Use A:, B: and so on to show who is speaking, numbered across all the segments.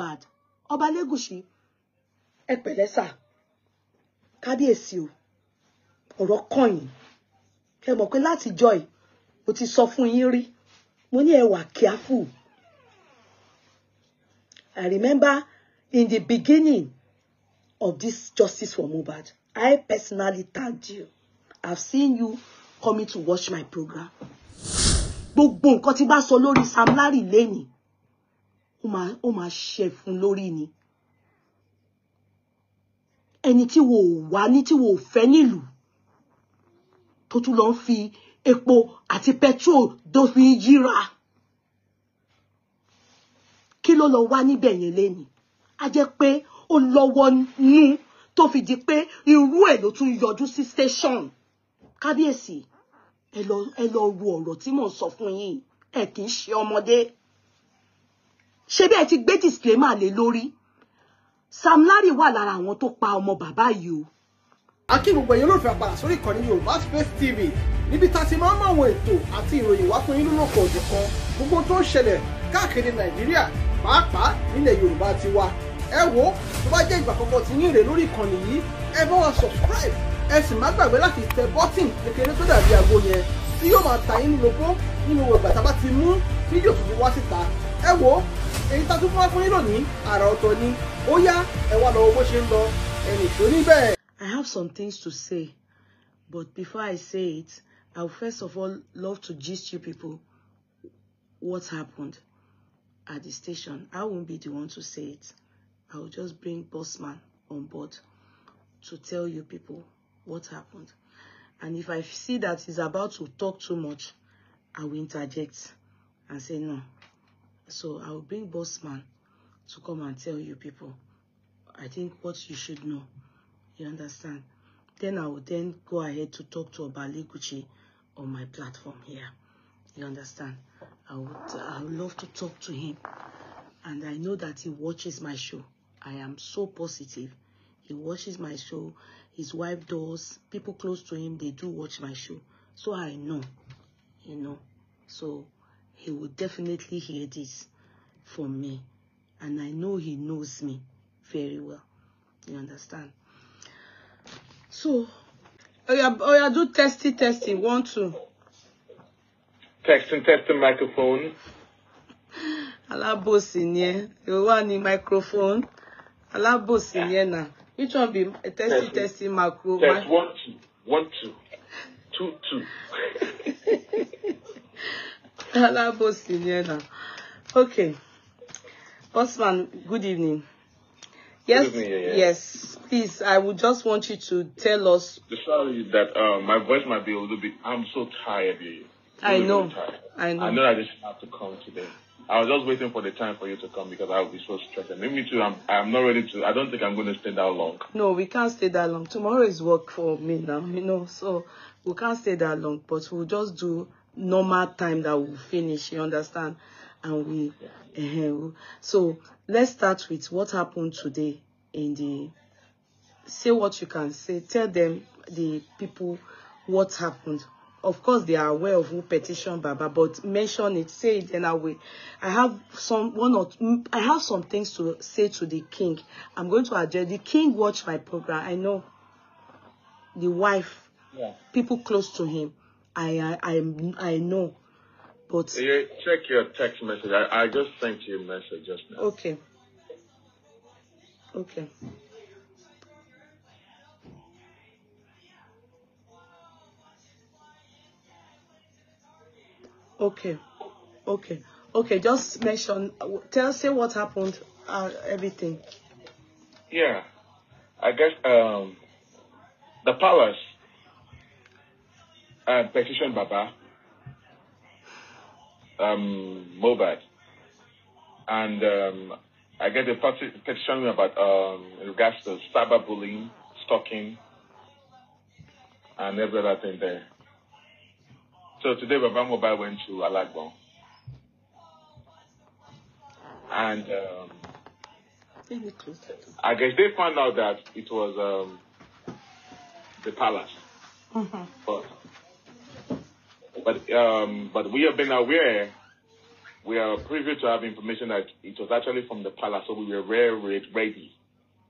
A: bad ọba lẹ́gùṣì ẹ pẹ̀lẹ́ sà kábíyèsí o ọ̀rọ̀ kàn yín ẹ pé láti joy mo ti sọ fún yín rí mo ní ẹ wà I remember in the beginning of this justice for Mohbad I personally thanked you I've seen you coming to watch my program gbogbo nǹkan tí bá sọ lórí Sam Larry lẹ́yìn ó máa ṣẹ fún lórí ni ẹni tí wo wá ní tí wo fẹ́ nílùú tó tún lọ fi epo àti petrol tó fi yíra kí ló lọ wá níbẹ̀ yẹn lẹ́ni a jẹ́ pé ó lọ́wọ́ nú tó fi di pé irú ẹ̀ ló tún yọjú sí station kábíyèsí ẹ lọ ẹ lọ ru ọ̀rọ̀ tí mò ń sọ fún yín ẹ kì í ṣe ọmọdé ṣé bí ẹ ti gbé disclaimer lé lórí Sam Larry wà lára àwọn tó pa ọmọ bàbá yìí o. a kí gbogbo ẹ̀yin olóòfẹ́ àpàrà sórí ìkànnì Yorùbá Space TV níbi tá a ti máa ń mọ àwọn ètò àti ìròyìn wá fún yín lọ́nà kọ̀ọ̀dọ̀ kan gbogbo tó ń ṣẹlẹ̀ káàkiri Nàìjíríà pàápàá nílẹ̀ Yorùbá ti wa ẹ wo tó bá jẹ́ ìgbà kọ̀ọ̀kan tí yín rè lórí ìkànnì yìí ẹ bá wa subscribe ẹ sì má gbàgbé láti tẹ bọ́tìn kékeré tó dàbí àgbo yẹn tí yóò máa ta yín lóko nínú ìgbà tá a bá ti mú fídíò tuntun wá síta ẹ wo èyí tá a tún fún wa fún yín lónìí àrà ọ̀tọ̀ ni ó yá ẹ lọ owó ṣe ń lọ ẹnì tó ní bẹ́ẹ̀. I have some things to say but before I say it I will first of all love to gist you people what happened at the station I won't be the one to say it I will just bring Bossman on board to tell you people what happened and if I see that he's about to talk too much I will interject and say no So I'll bring Bossman to come and tell you people, I think what you should know. You understand? Then I will then go ahead to talk to Obaliguchi on my platform here. You understand? I would, I would love to talk to him. And I know that he watches my show. I am so positive. He watches my show. His wife does. People close to him, they do watch my show. So I know, you know. So he will definitely hear this from me. And I know he knows me very well. You understand? So, oh yeah, oh yeah do testing, testing. One, two.
B: Testing, testing microphone.
A: Alábòsí ni ẹ́. Ìwọ wà ní microphone. Alábòsí ni ẹ́ náà. Which one be a testing, testing macro? Test one, two. One, two. Two, two. okay. Bossman, good evening. Yes, good evening, yeah, yeah. yes. Please, I would just want you to tell us.
B: Sorry that uh, my voice might be a little bit. I'm so tired. I know. Tired.
A: I know. I know. I just
B: have to come today. I was just waiting for the time for you to come because I would be so stressed. And me too. I'm. I'm not ready to. I don't think I'm going to stay that long.
A: No, we can't stay that long. Tomorrow is work for me now. You know, so we can't stay that long. But we'll just do normal time that we finish, you understand? And we, uh, so let's start with what happened today in the, say what you can say, tell them, the people, what happened. Of course, they are aware of who petitioned Baba, but mention it, say it in a way. I have some one or I have some things to say to the king. I'm going to address the king. Watch my program. I know the wife, yeah. people close to him. I I I, I know.
B: But you check your text message. I, I just sent you a message just
A: now. Okay. Okay. Okay. Okay. Okay. Just mention. Tell say what happened. Uh, everything.
B: Yeah. I guess um, the palace uh, Petition Baba, um, Mobad, and um, I get a petition about um, in regards to cyberbullying, stalking, and every other thing there. So today, Baba Mobad went to Alagbon. And um, I guess they found out that it was um, the palace. Mm-hmm. But but um, but we have been aware. We are privy to have information that it was actually from the palace, so we were very ready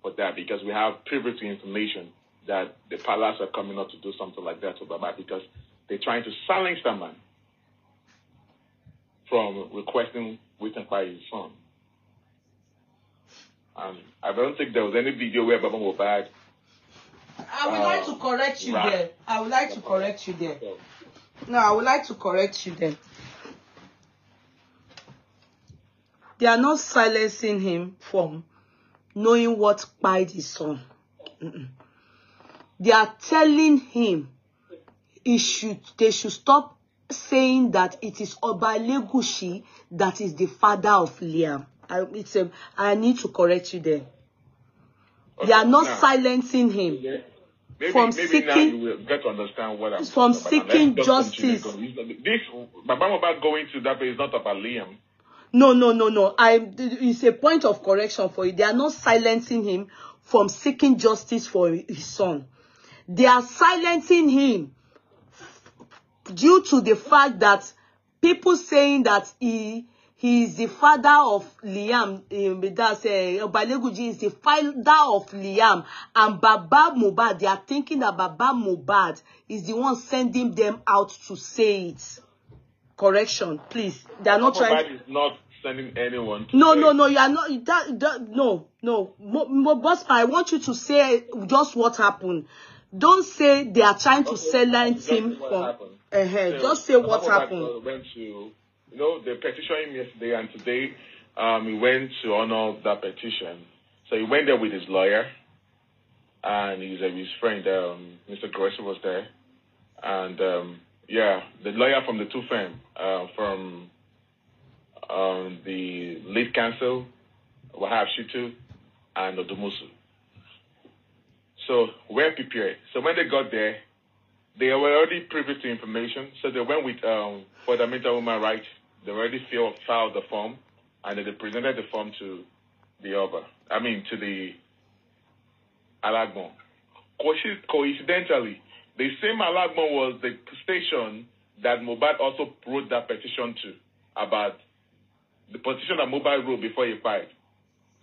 B: for that because we have privy to information that the palace are coming up to do something like that to Baba because they're trying to silence the man from requesting witness by his son. And I don't think there was any video where Baba bad. I would uh, like to
A: uh, correct you right. there. I would like to correct you there. No, I would like to correct you then. They are not silencing him from knowing what spied his son. Mm -mm. They are telling him he should, they should stop saying that it is Obalegushi that is the father of Liam. I, it's a, I need to correct you there. Okay, they are not now. silencing him. Yeah. Maybe, from maybe seeking, now you
B: will get to understand what I'm from seeking justice. This, my mom about going to that place is not about Liam.
A: No, no, no, no. I it's a point of correction for you. They are not silencing him from seeking justice for his son. They are silencing him due to the fact that people saying that he He is the father of Liam. Um, that's uh, Obaleguji is the father of Liam. And Baba Mohbad, they are thinking that Baba Mohbad is the one sending them out to say it. Correction, please. They are not Baba trying. Mohbad
B: is not sending anyone. To
A: no, say no, no. You are not. That, that, no, no. Mo, Mo, Bospa, I want you to say just what happened. Don't say they are trying okay. to silence him. From, uh, -huh. so, just say what happened. Went
B: to You know, they petitioned him yesterday, and today um, he went to honor that petition. So he went there with his lawyer, and his, uh, his friend, um, Mr. Grosso was there. And um, yeah, the lawyer from the two firm, uh, from um, the lead counsel, Wahab Shitu, and Odumusu. So we're prepared. So when they got there, they were already privy to information, so they went with um, fundamental human rights they already filed the form, and they presented the form to the other. I mean, to the Alagbon. Coincidentally, the same Alagbon was the station that Mobad also wrote that petition to about the petition that Mobad wrote before he filed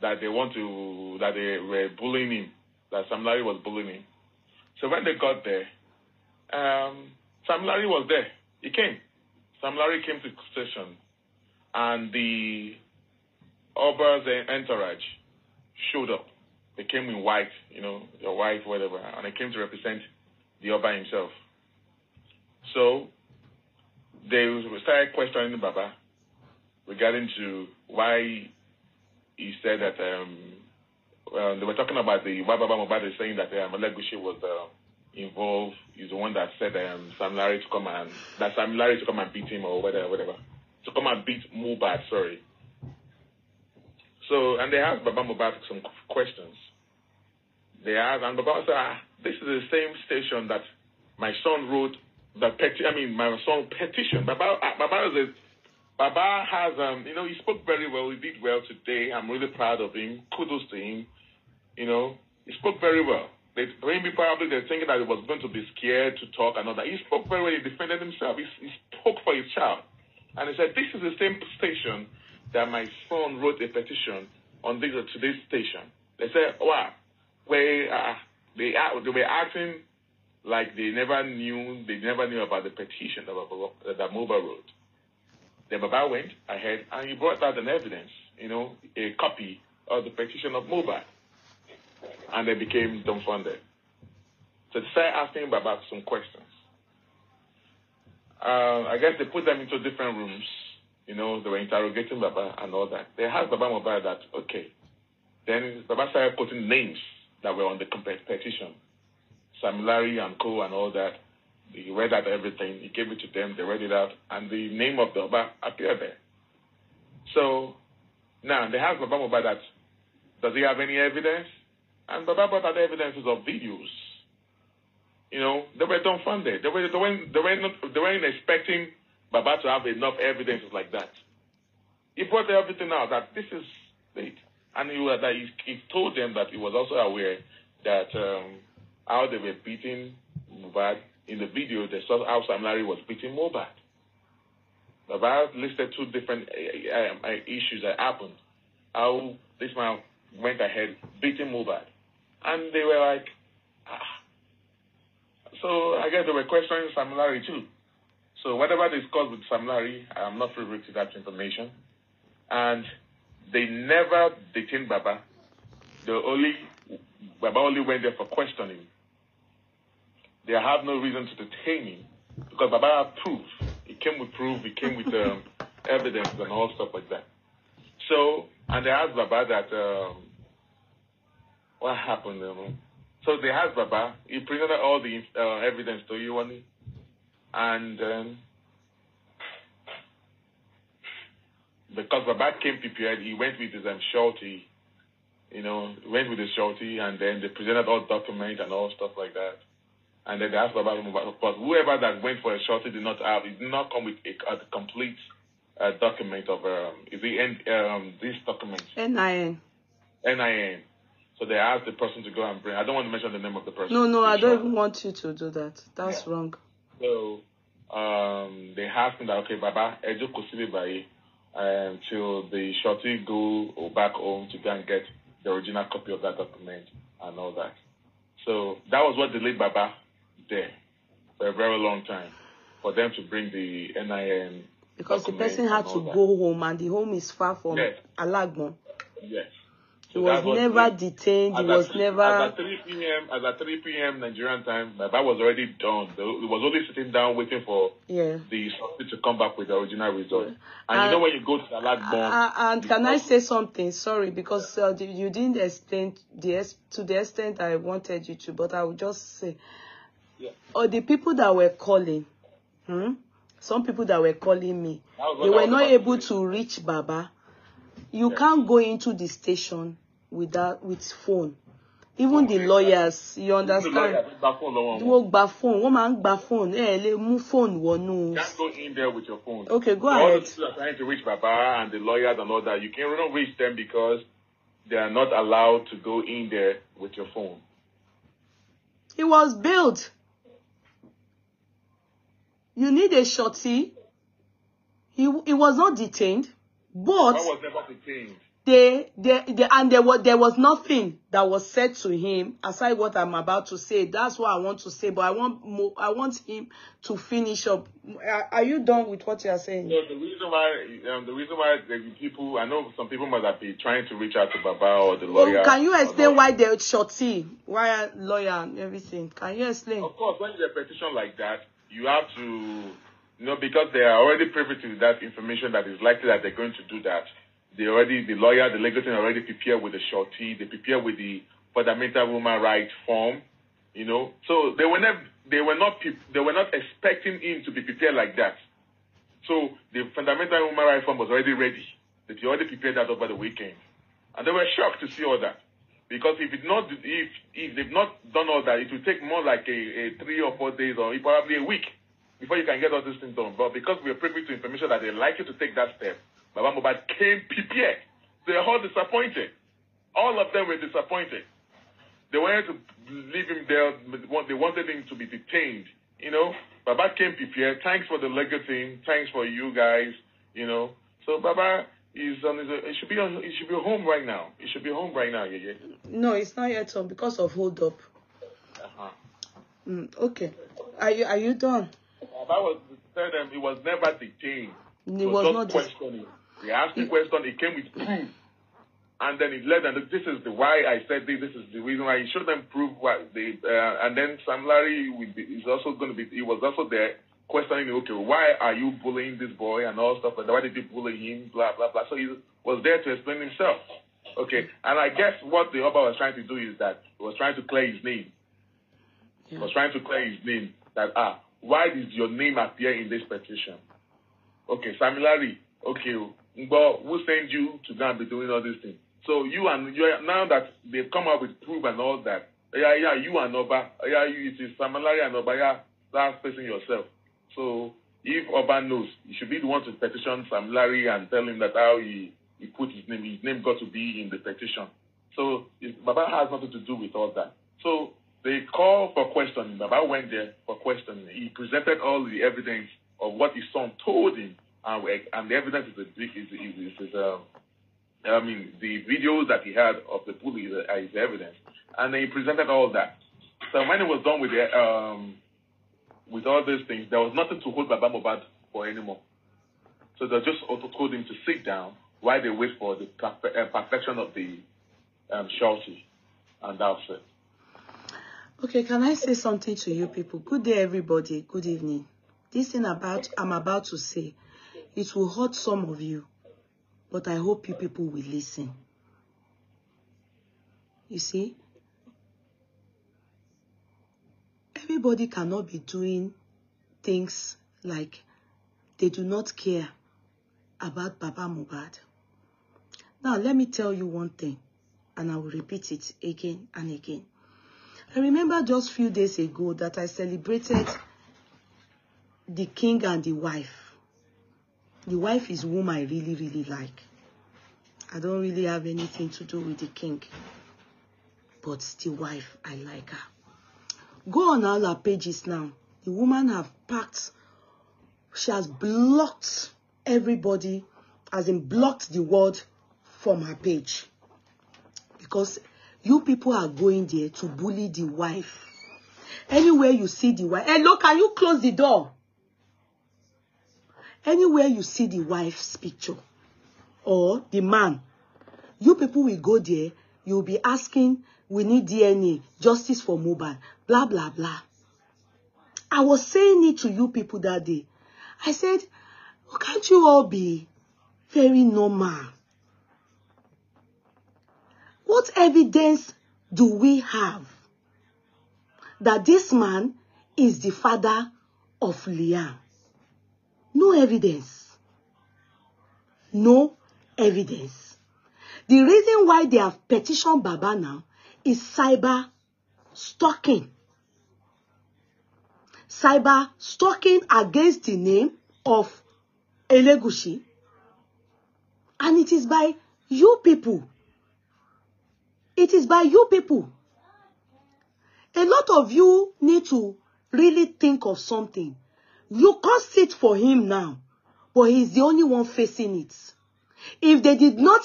B: that they want to that they were bullying him, that Sam Larry was bullying him. So when they got there, um, Sam Larry was there. He came. Sam Larry came to station, and the Uber's entourage showed up. They came in white, you know, your wife, whatever, and they came to represent the Uber himself. So they started questioning Baba regarding to why he said that um, well, uh, they were talking about the why Baba Mubad is saying that um, was the um, involved is the one that said um, Sam Larry to come and that Sam Larry to come and beat him or whatever, whatever, to come and beat Mubad. Sorry. So and they asked Baba Mubad some questions. They asked and Baba said, ah, "This is the same station that my son wrote the peti- I mean, my son petition. Baba uh, Baba is Baba has, um, you know, he spoke very well. He did well today. I'm really proud of him. Kudos to him. You know, he spoke very well. The me probably they're thinking that he was going to be scared to talk and all that. He spoke very well. He defended himself. He, he spoke for his child. And he said, this is the same station that my son wrote a petition on this uh, to this station. They said, wow, we, uh, they, uh, they were acting like they never knew, they never knew about the petition that, that Moba wrote. The Baba went ahead and he brought out an evidence, you know, a copy of the petition of Moba and they became dumbfounded. So they started asking Baba some questions. Uh, I guess they put them into different rooms. You know, they were interrogating Baba and all that. They asked Baba Mobile that, okay. Then Baba started putting names that were on the petition. Sam Larry and Co. and all that. He read out everything. He gave it to them. They read it out. And the name of the Baba appeared there. So now they asked Baba Mobile that, does he have any evidence? And the evidences of videos. You know, they were dumbfounded. They were, they weren't, they weren't, not, they weren't expecting Baba to have enough evidences like that. He brought everything out that this is it. And he, was, that he, he told them that he was also aware that um, how they were beating Mubad. In the video, they saw how Sam Larry was beating Mubad. Baba listed two different uh, uh, issues that happened. How this man went ahead beating Mubad and they were like, ah. So I guess they were questioning Sam Larry too. So whatever they discussed with Sam Larry, I'm not privy to that information. And they never detained Baba. They only Baba only went there for questioning. They have no reason to detain him because Baba had proof. He came with proof. He came with um, evidence and all stuff like that. So, and they asked Baba that um, what happened, you know? So they asked Baba. He presented all the uh, evidence to you, And um, because Baba came prepared, he went with his um, shorty, you know, went with his shorty, and then they presented all documents and all stuff like that. And then they asked Baba, but whoever that went for a shorty did not have, did not come with a, a complete uh, document of, um, is the end, um, this document?
C: NIN.
B: NIN. So they asked the person to go and bring. I don't want to mention the name of the person. No, no, I
A: don't even want you to do that. That's yeah. wrong.
B: So um, they asked him that, okay, Baba, Edu Kusibi Baye, um, the shorty go back home to go and get the original copy of that document and all that. So that was what delayed Baba there for a very long time for them to bring the NIN.
A: Because the person had to that. go home and the home is far from yes. Yes. He so was, was never detained. He was never. At
B: 3 p.m. At 3 p.m. Nigerian time, Baba was already done. He was only sitting down waiting for yeah. the to come back with the original result. And, and you know when you go to the lab bomb.
A: And can I say something? Sorry, because uh, you didn't extend the to the extent I wanted you to, but I will just say, yeah. or oh, the people that were calling, hmm? some people that were calling me, they were not able to reach Baba you yeah. can't go into the station with that with phone even the lawyers you understand
B: wọ́n
A: phone wọ́n máa phone ẹ lè mú phone wọnú.
B: just go in there with your phone. okay go all ahead. all trying to reach baba and the lawyers and all that you can not reach them because they are not allowed to go in there with your phone.
A: he was built. you need a shorty. he he was not detained but. I was never detained. they, they, they and there was, there was nothing that was said to him aside what I'm about to say. That's what I want to say, but I want more, I want him to finish up. Are, are you done with what you are saying? No, the
B: reason why um, the reason why the people I know some people must have been trying to reach out to Baba or the lawyer. Well, can you
A: explain why they're shorty, why lawyer and everything? Can you explain? Of
B: course, when there's a petition like that, you have to you know because they are already privy to that information that is likely that they're going to do that. They already, the lawyer, the legislator already prepared with the shorty. They prepared with the fundamental human rights form. You know, so they were not, they were not, they were not expecting him to be prepared like that. So the fundamental human rights form was already ready. They already prepared that over the weekend, and they were shocked to see all that. Because if it not, if if they've not done all that, it will take more like a, a three or four days or probably a week before you can get all these things done. But because we are privy to information that they like you to take that step, Baba Mubad came prepared. They were all disappointed. All of them were disappointed. They wanted to leave him there. They wanted him to be detained. You know, Baba came prepared. Thanks for the team. Thanks for you guys. You know, so Baba is on It should be on. It should be home right now. It should be home right now. Yeah, yeah.
A: No, it's not yet home because of hold up. Uh huh. Mm, okay. Are you are you done?
B: Baba was tell them he was never detained.
A: He was, was not questioning.
B: Just... He asked the question, he came with proof. And then he led, and this is the why I said this. This is the reason why he showed them proof. Why they, uh, and then Sam Larry is also going to be. He was also there questioning, okay, why are you bullying this boy and all stuff? And why did you bully him? Blah blah blah. So he was there to explain himself. Okay, and I guess what the Oba was trying to do is that he was trying to clear his name. He was trying to clear his name. That ah, why does your name appear in this petition? Okay, Samilari. Okay, oh, but who sent you to go be doing all these things? So you and you are, now that they've come up with proof and all that, yeah, yeah, you and Oba, yeah, you, it is Samilari and Oba, yeah, that's facing yourself. So if Oba knows, you should be the one to petition Samilari and tell him that how he, he put his name, his name got to be in the petition. So it, Baba has nothing to do with all that. So they call for questioning. Baba went there for questioning. He presented all the evidence of what his son told him, and, and the evidence is a is, is, is, is um, I mean, the videos that he had of the bully is, uh, is evidence, and then he presented all that. So when he was done with the, um, with all these things, there was nothing to hold Baba Mobad for anymore. So they just told him to sit down while they wait for the perfe- uh, perfection of the um, Shorty, and that's it.
A: Okay, can I say something to you people? Good day, everybody. Good evening. This thing about I'm about to say, it will hurt some of you, but I hope you people will listen. You see? Everybody cannot be doing things like they do not care about Baba Mubad. Now, let me tell you one thing, and I will repeat it again and again. I remember just few days ago that I celebrated the king and the wife. The wife is whom I really, really like. I don't really have anything to do with the king. But the wife, I like her. Go on all her pages now. The woman have packed, she has blocked everybody, as in blocked the world from her page. Because you people are going there to bully the wife. Anywhere you see the wife, hey, look, can you close the door? Anywhere you see the wife's picture or the man, you people will go there, you'll be asking, we need DNA, justice for mobile, blah, blah, blah. I was saying it to you people that day. I said, oh, can't you all be very normal? What evidence do we have that this man is the father of Liam? No evidence. No evidence. The reason why they have petitioned Baba now is cyber stalking. Cyber stalking against the name of Elegushi. And it is by you people. It is by you people. A lot of you need to really think of something. You caused it for him now, but he's the only one facing it. If they did not,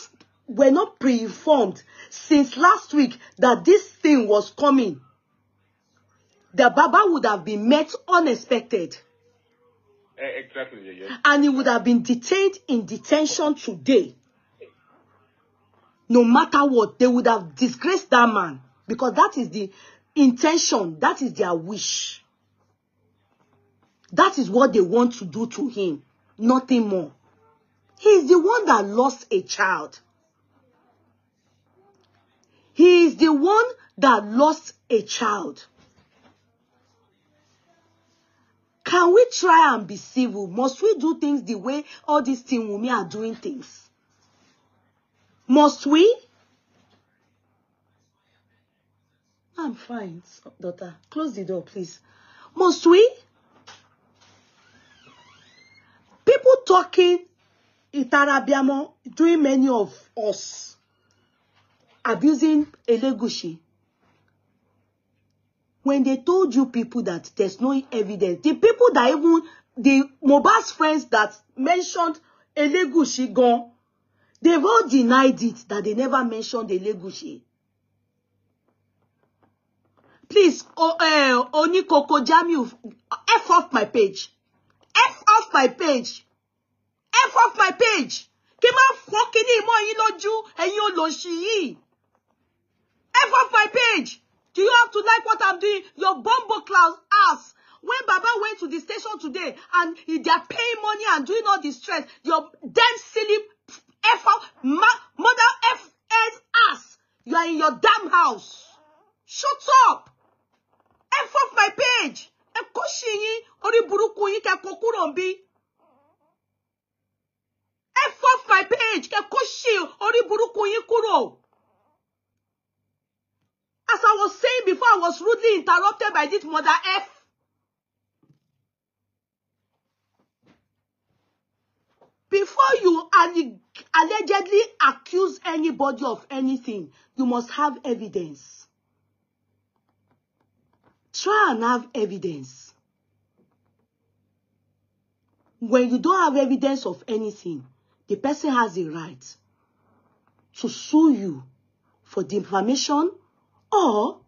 A: were not pre-informed since last week that this thing was coming, the Baba would have been met unexpected.
B: Eh, exactly, yes.
A: And he would have been detained in detention today. No matter what, they would have disgraced that man because that is the intention, that is their wish. That is what they want to do to him. Nothing more. He is the one that lost a child. He is the one that lost a child. Can we try and be civil? Must we do things the way all these teen women are doing things? Must we? I'm fine, daughter. Close the door, please. Must we? talking Itarabiamo, doing many of us, abusing Elegushi. When they told you people that there's no evidence, the people that even, the Mohbad's friends that mentioned Elegushi gone, they've all denied it, that they never mentioned Elegushi. Please, oh, uh, Onikoko Jamiu, F off my page. F off my page ẹ fuck my page kí má fọ́ kíní ìmọ̀ yín lójú ẹ̀yin olóṣì yìí ẹ fuck my page do you have to like what i'm doing your bumble class ass when baba went to the station today and they are paying money and doing all the stress your damn silly f ma mother f s ass you are in your damn house shut up ẹ fuck my page ẹ kó ṣì yín orí burúkú yín kẹ kó kúrò ń ẹ fọ́ my page kẹ kó ṣe orí burúkú yín kúrò. As I was saying before, I was rudely interrupted by this mother F. Before you allegedly accuse anybody of anything, you must have evidence. Try and have evidence. When you don't have evidence of anything, the person has the right to sue you for defamation or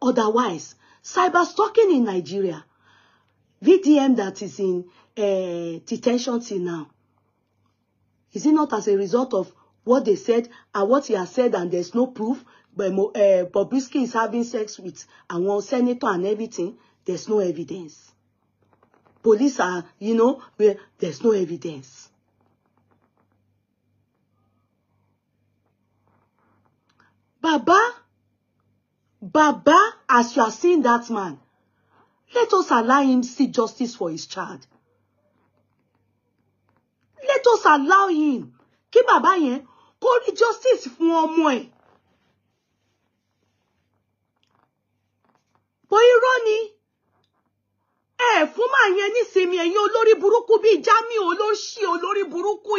A: otherwise. Cyber stalking in Nigeria, VDM that is in uh, detention till now, is it not as a result of what they said and what he has said and there's no proof, but uh, Bobrisky is having sex with and àwọn senator and everything, there's no evidence. Police are, you know, there's no evidence. Baba, Baba, as you are seeing that man, let us allow him see justice for his child. Let us allow him. Kí bàbá yẹn kó rí justice fún ọmọ ẹ̀. Bó irọ́ ni ẹ fún màá yẹn nísinmi ẹ̀yin olórí burúkú bíi Jamiu olóṣì olórí burúkú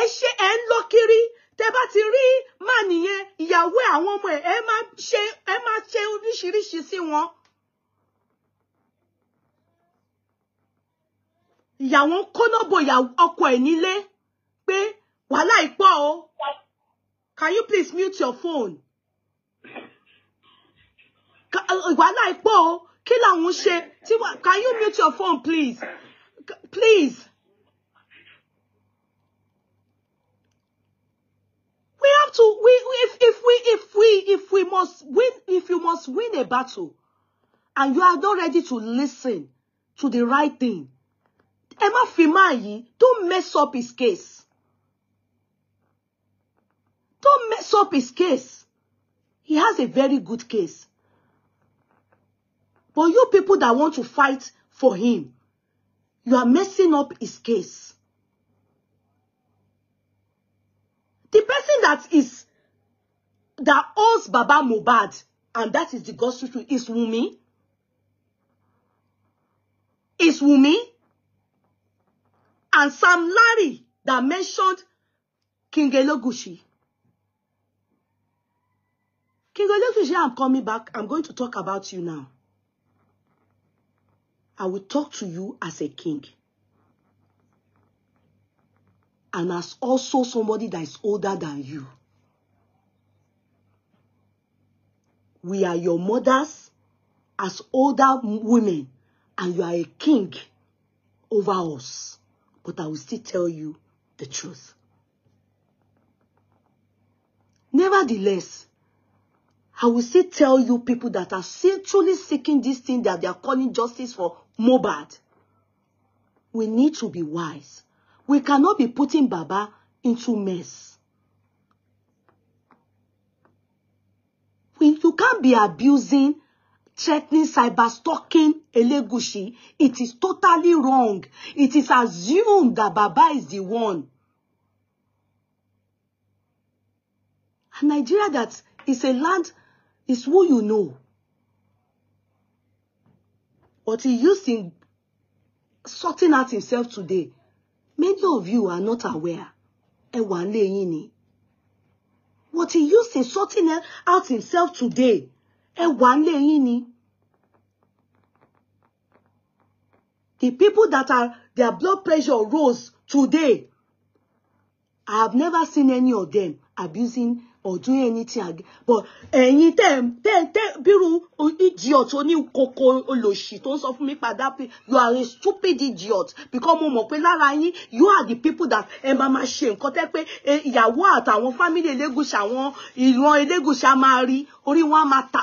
A: ẹ ṣe ẹ ń lọ kiri tẹ bá ti rí má nìyẹn ìyàwó àwọn ọmọ ẹ ẹ má ṣe ẹ má ṣe oríṣiríṣi sí wọn. ìyàwó ń kónóbò ọkọ ẹ nílé pé wàhálà ìpọ o can you please mute your phone wàhálà ìpọ o kí làwọn ṣe can you mute your phone please please. we have to we if if we if we if we must win if you must win a battle and you are not ready to listen to the right thing Emma má don't mess up his case don't mess up his case he has a very good case but you people that want to fight for him you are messing up his case The person that is that owns Baba Mohbad, and that is the gospel truth, is Wumi. Is Wumi. And Sam Larry that mentioned King Elegushi. King Elegushi, I'm coming back. I'm going to talk about you now. I will talk to you as a king. and as also somebody that is older than you. We are your mothers as older women, and you are a king over us. But I will still tell you the truth. Nevertheless, I will still tell you people that are still truly seeking this thing that they are calling justice for Mobad. We need to be wise. We cannot be putting Baba into mess. We, you can't be abusing, threatening, cyberstalking Elegushi. It is totally wrong. It is assumed that Baba is the one. And Nigeria that is a land is who you know. But he used him sorting out himself today Many of you are not aware. Ẹ wà ń ni. What he used in sorting out himself today. Ẹ wà ń ni. The people that are their blood pressure rose today I have never seen any of them abusing or doing anything again. But ẹ̀yin them, tẹ́ tẹ́ bírú idiot oníkókó olòṣì tó ń sọ fún mi padà you are a stupid idiot because mo mọ̀ pé lára yín you are the people that ẹ máa máa ṣe nǹkan tẹ́ pé ìyàwó wong. family Elégùṣì àwọn ìran Elégùṣì á máa rí orí wọn á máa tà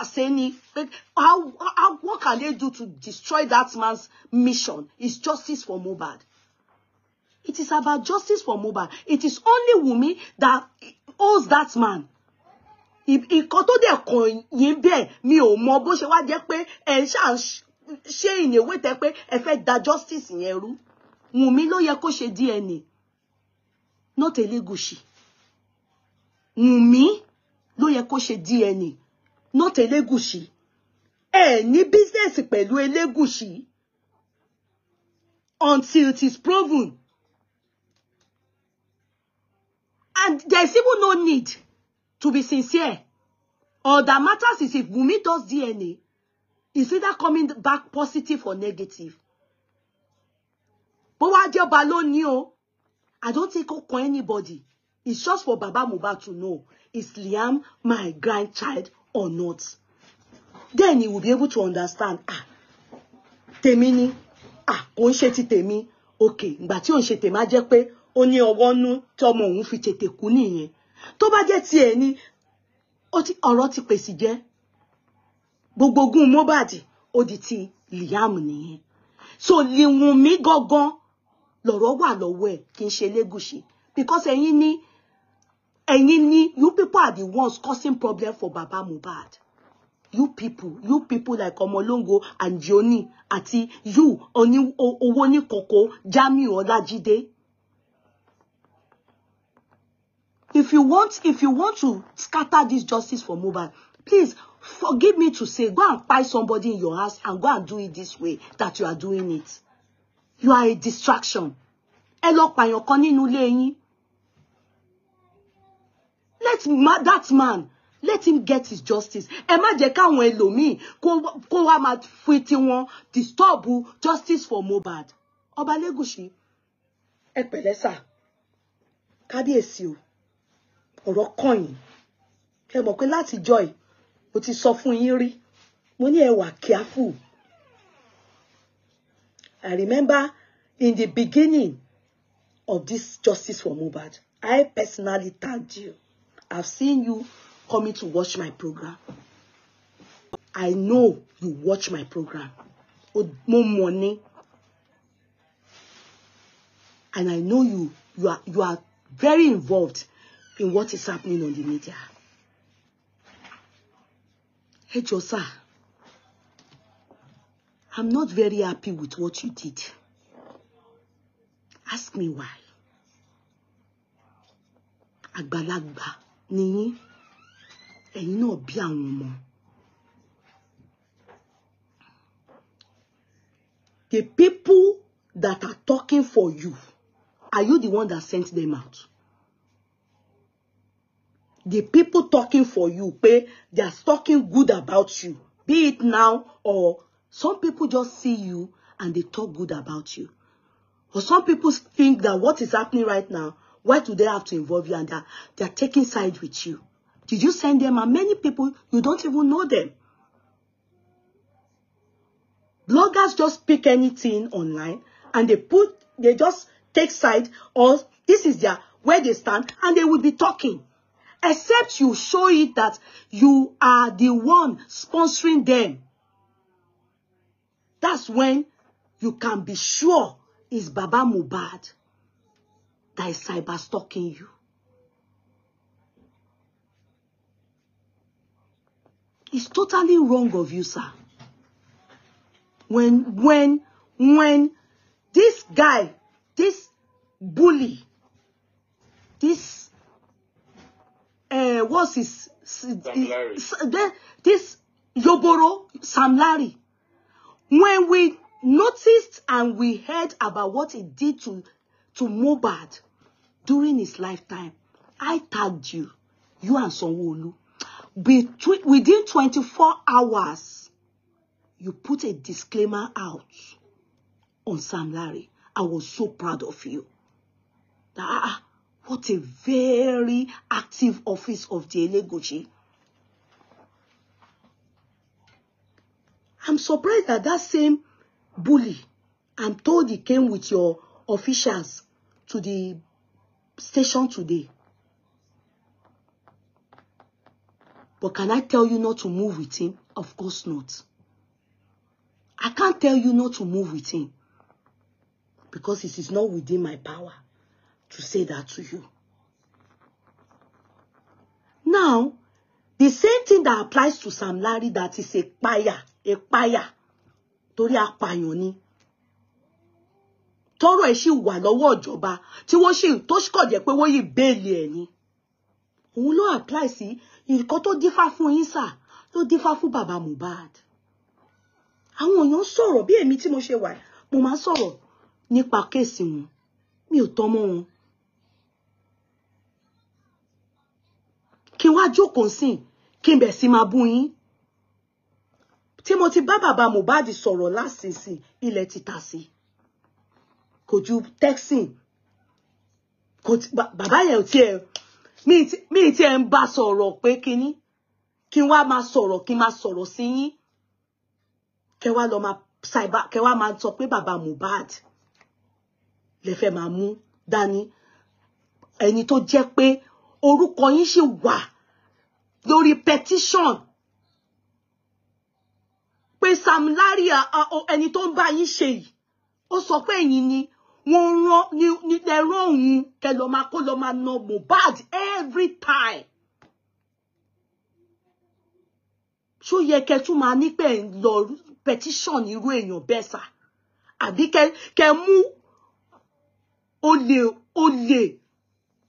A: How, how, what can they do to destroy that man's mission? It's justice for Mubad. It is about justice for Mohbad. It is only Wunmi that owes that man. Ìkan tó dẹ̀ kàn yín bẹ́ẹ̀ mi ò mọ bó ṣe wá jẹ́ pé ẹ̀ ń ṣà ṣe ìyẹ̀wé tẹ pé ẹ fẹ́ da justice yẹn rú. Wunmi ló yẹ kó ṣe DNA not Elegushi. Wunmi ló yẹ kó ṣe DNA not Elegushi. Ẹ ní bísíǹsì pẹ̀lú Elegushi until it is proven And there's even no need to be sincere. All that matters is if Wumi does DNA, is either coming back positive or negative. But what your balloon knew, I don't think Oko anybody. It's just for Baba Mohbad to know is Liam my grandchild or not. Then he will be able to understand. Ah, Temini, Ah, on ń ṣe Okay, But you on ń ṣe Pe ó ní ọwọ́ nú tí ọmọ òun fi tètè kú nìyẹn tó bá jẹ́ tiẹ̀ ni ọ̀rọ̀ ti pèsè jẹ́ gbogbo Mohbad ó di ti Liam nìyẹn so Wùnmí gangan lọ̀rọ̀ wà lọ́wọ́ ẹ̀ kì í ṣe Lẹ́gùṣì because ẹ̀yin ní ẹ̀yin ní you people are the ones causing problem for baba Mohbad you people you people like Ọmọlóńgò and Johnny àti you owó ní kòkó Jamiu Ọlájídé if you want if you want to scatter this justice for Mohbad please forgive me to say go and find somebody in your house and go and do it this way that you are doing it you are a distraction ẹ lọ pààyàn kan nínú let that man let him get his justice ẹ má jẹ́ káwọn ẹlòmíín kó wá máa fi disturb justice for Mohbad ọba lẹ́gùṣì ẹ pẹ̀lẹ́ ọ̀rọ̀ kàn yín kẹ mọ̀ pé láti joy mo ti sọ fún yín rí mo ní ẹ wà I remember in the beginning of this justice for Mohbad I personally thank you I've seen you coming to watch my program I know you watch my program mo mọ̀ ni and I know you you are you are very involved in what is happening on the media. Hey, Josa, I'm not very happy with what you did. Ask me why. Agbalagba, ni yín, ẹ̀yin náà bí àwọn ọmọ. The people that are talking for you, are you the one that sent them out? the people talking for you pé they are talking good about you be it now or some people just see you and they talk good about you or some people think that what is happening right now why do they have to involve you and they they are taking side with you did you send them and many people you don't even know them bloggers just pick anything online and they put they just take side or this is their where they stand and they will be talking Except you show it that you are the one sponsoring them. That's when you can be sure it's Baba Mubad that is cyber stalking you. It's totally wrong of you, sir. When, when, when this guy, this bully, this uh, what's his, the, this Yoboro Sam Larry. When we noticed and we heard about what he did to to Mohbad during his lifetime, I tagged you, you and Sonwolu. Between within 24 hours, you put a disclaimer out on Sam Larry. I was so proud of you. Ah, ah What a very active office of the Elegochi. I'm surprised that that same bully, I'm told he came with your officials to the station today. But can I tell you not to move with him? Of course not. I can't tell you not to move with him because it is not within my power to say that to you. Now, the same thing that applies to Sam Larry that is a paya, a paya, torí apàyàn ni. Tọ́rọ̀ ẹ̀ wa wà lọ́wọ́ joba. tí wọ́n sì tó ṣìkọ̀ jẹ́ pé wọ́n yìí béèlì ẹ̀ ni. Òun ló apply sí nǹkan tó dífá fún yín sà ló dífá fún bàbá Mohbad. Àwọn èèyàn sọ̀rọ̀ bí èmi tí mo ṣe wà mo máa ń sọ̀rọ̀ nípa kéèsì wọn mi ò tọ́ mọ́ wá jókòó sìn kí n bẹ̀ sí máa bú yín tí mo ti bá bàbá Mohbad sọ̀rọ̀ ti ta sí kò ju texting bàbá yẹn ò tiẹ̀ mi ti ẹ̀ ń bá sọ̀rọ̀ pé kínní kí n wá máa sọ̀rọ̀ kí n máa sọ̀rọ̀ sí yín kẹ wá lọ máa ṣàìbá kẹ wá máa sọ pé bàbá Mohbad lè fẹ́ máa mú dání ẹni tó jẹ́ pé orúkọ yín lórí petition pé Sam Larry ẹni tó ń bá yín ṣe yìí ó sọ pé ẹ̀yin ni wọ́n rán ní ẹ̀rọ òun kẹlọ́ máa kó lọ́ọ́ máa na Mohbad every time. ṣó yẹ kẹ tún máa ní pé ń lọ petition irú èèyàn bẹ́ẹ̀ sà àbí kẹ mú olè olè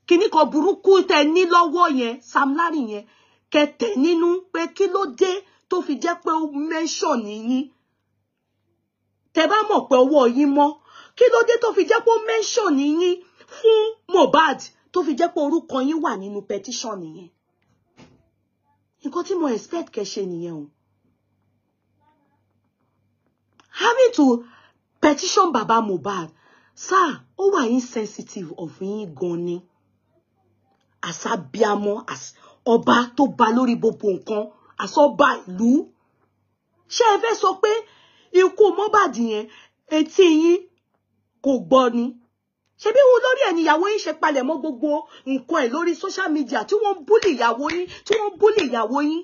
A: kíní kan burúkú tẹ ní lọ́wọ́ yẹn Sam Larry yẹn kẹtẹ nínú pé kí ló dé tó fi jẹ́ pé ó mention yín tẹ́ bá mọ̀ pé ọwọ́ yín mọ́ kí ló dé tó fi jẹ́ pé ó mention yín fún Mohbad tó fi jẹ́ pé orúkọ yín wà nínú petition nìyẹn nǹkan tí mo expect kẹ́ ṣe nìyẹn o having to petition baba Mohbad sir ó wà insensitive of yín gan ni as abiamọ as ọba tó ba lórí gbogbo nǹkan àsọba ìlú ṣé ẹ fẹ́ sọ pé ikú Mohbad yẹn etí yín kò gbọ́ ni ṣebí wo lórí ẹni yín ṣe palẹ̀ mọ́ gbogbo nǹkan ẹ̀ lórí social media tí wọ́n ń búlì ìyàwó yín tí wọ́n ń búlì ìyàwó yín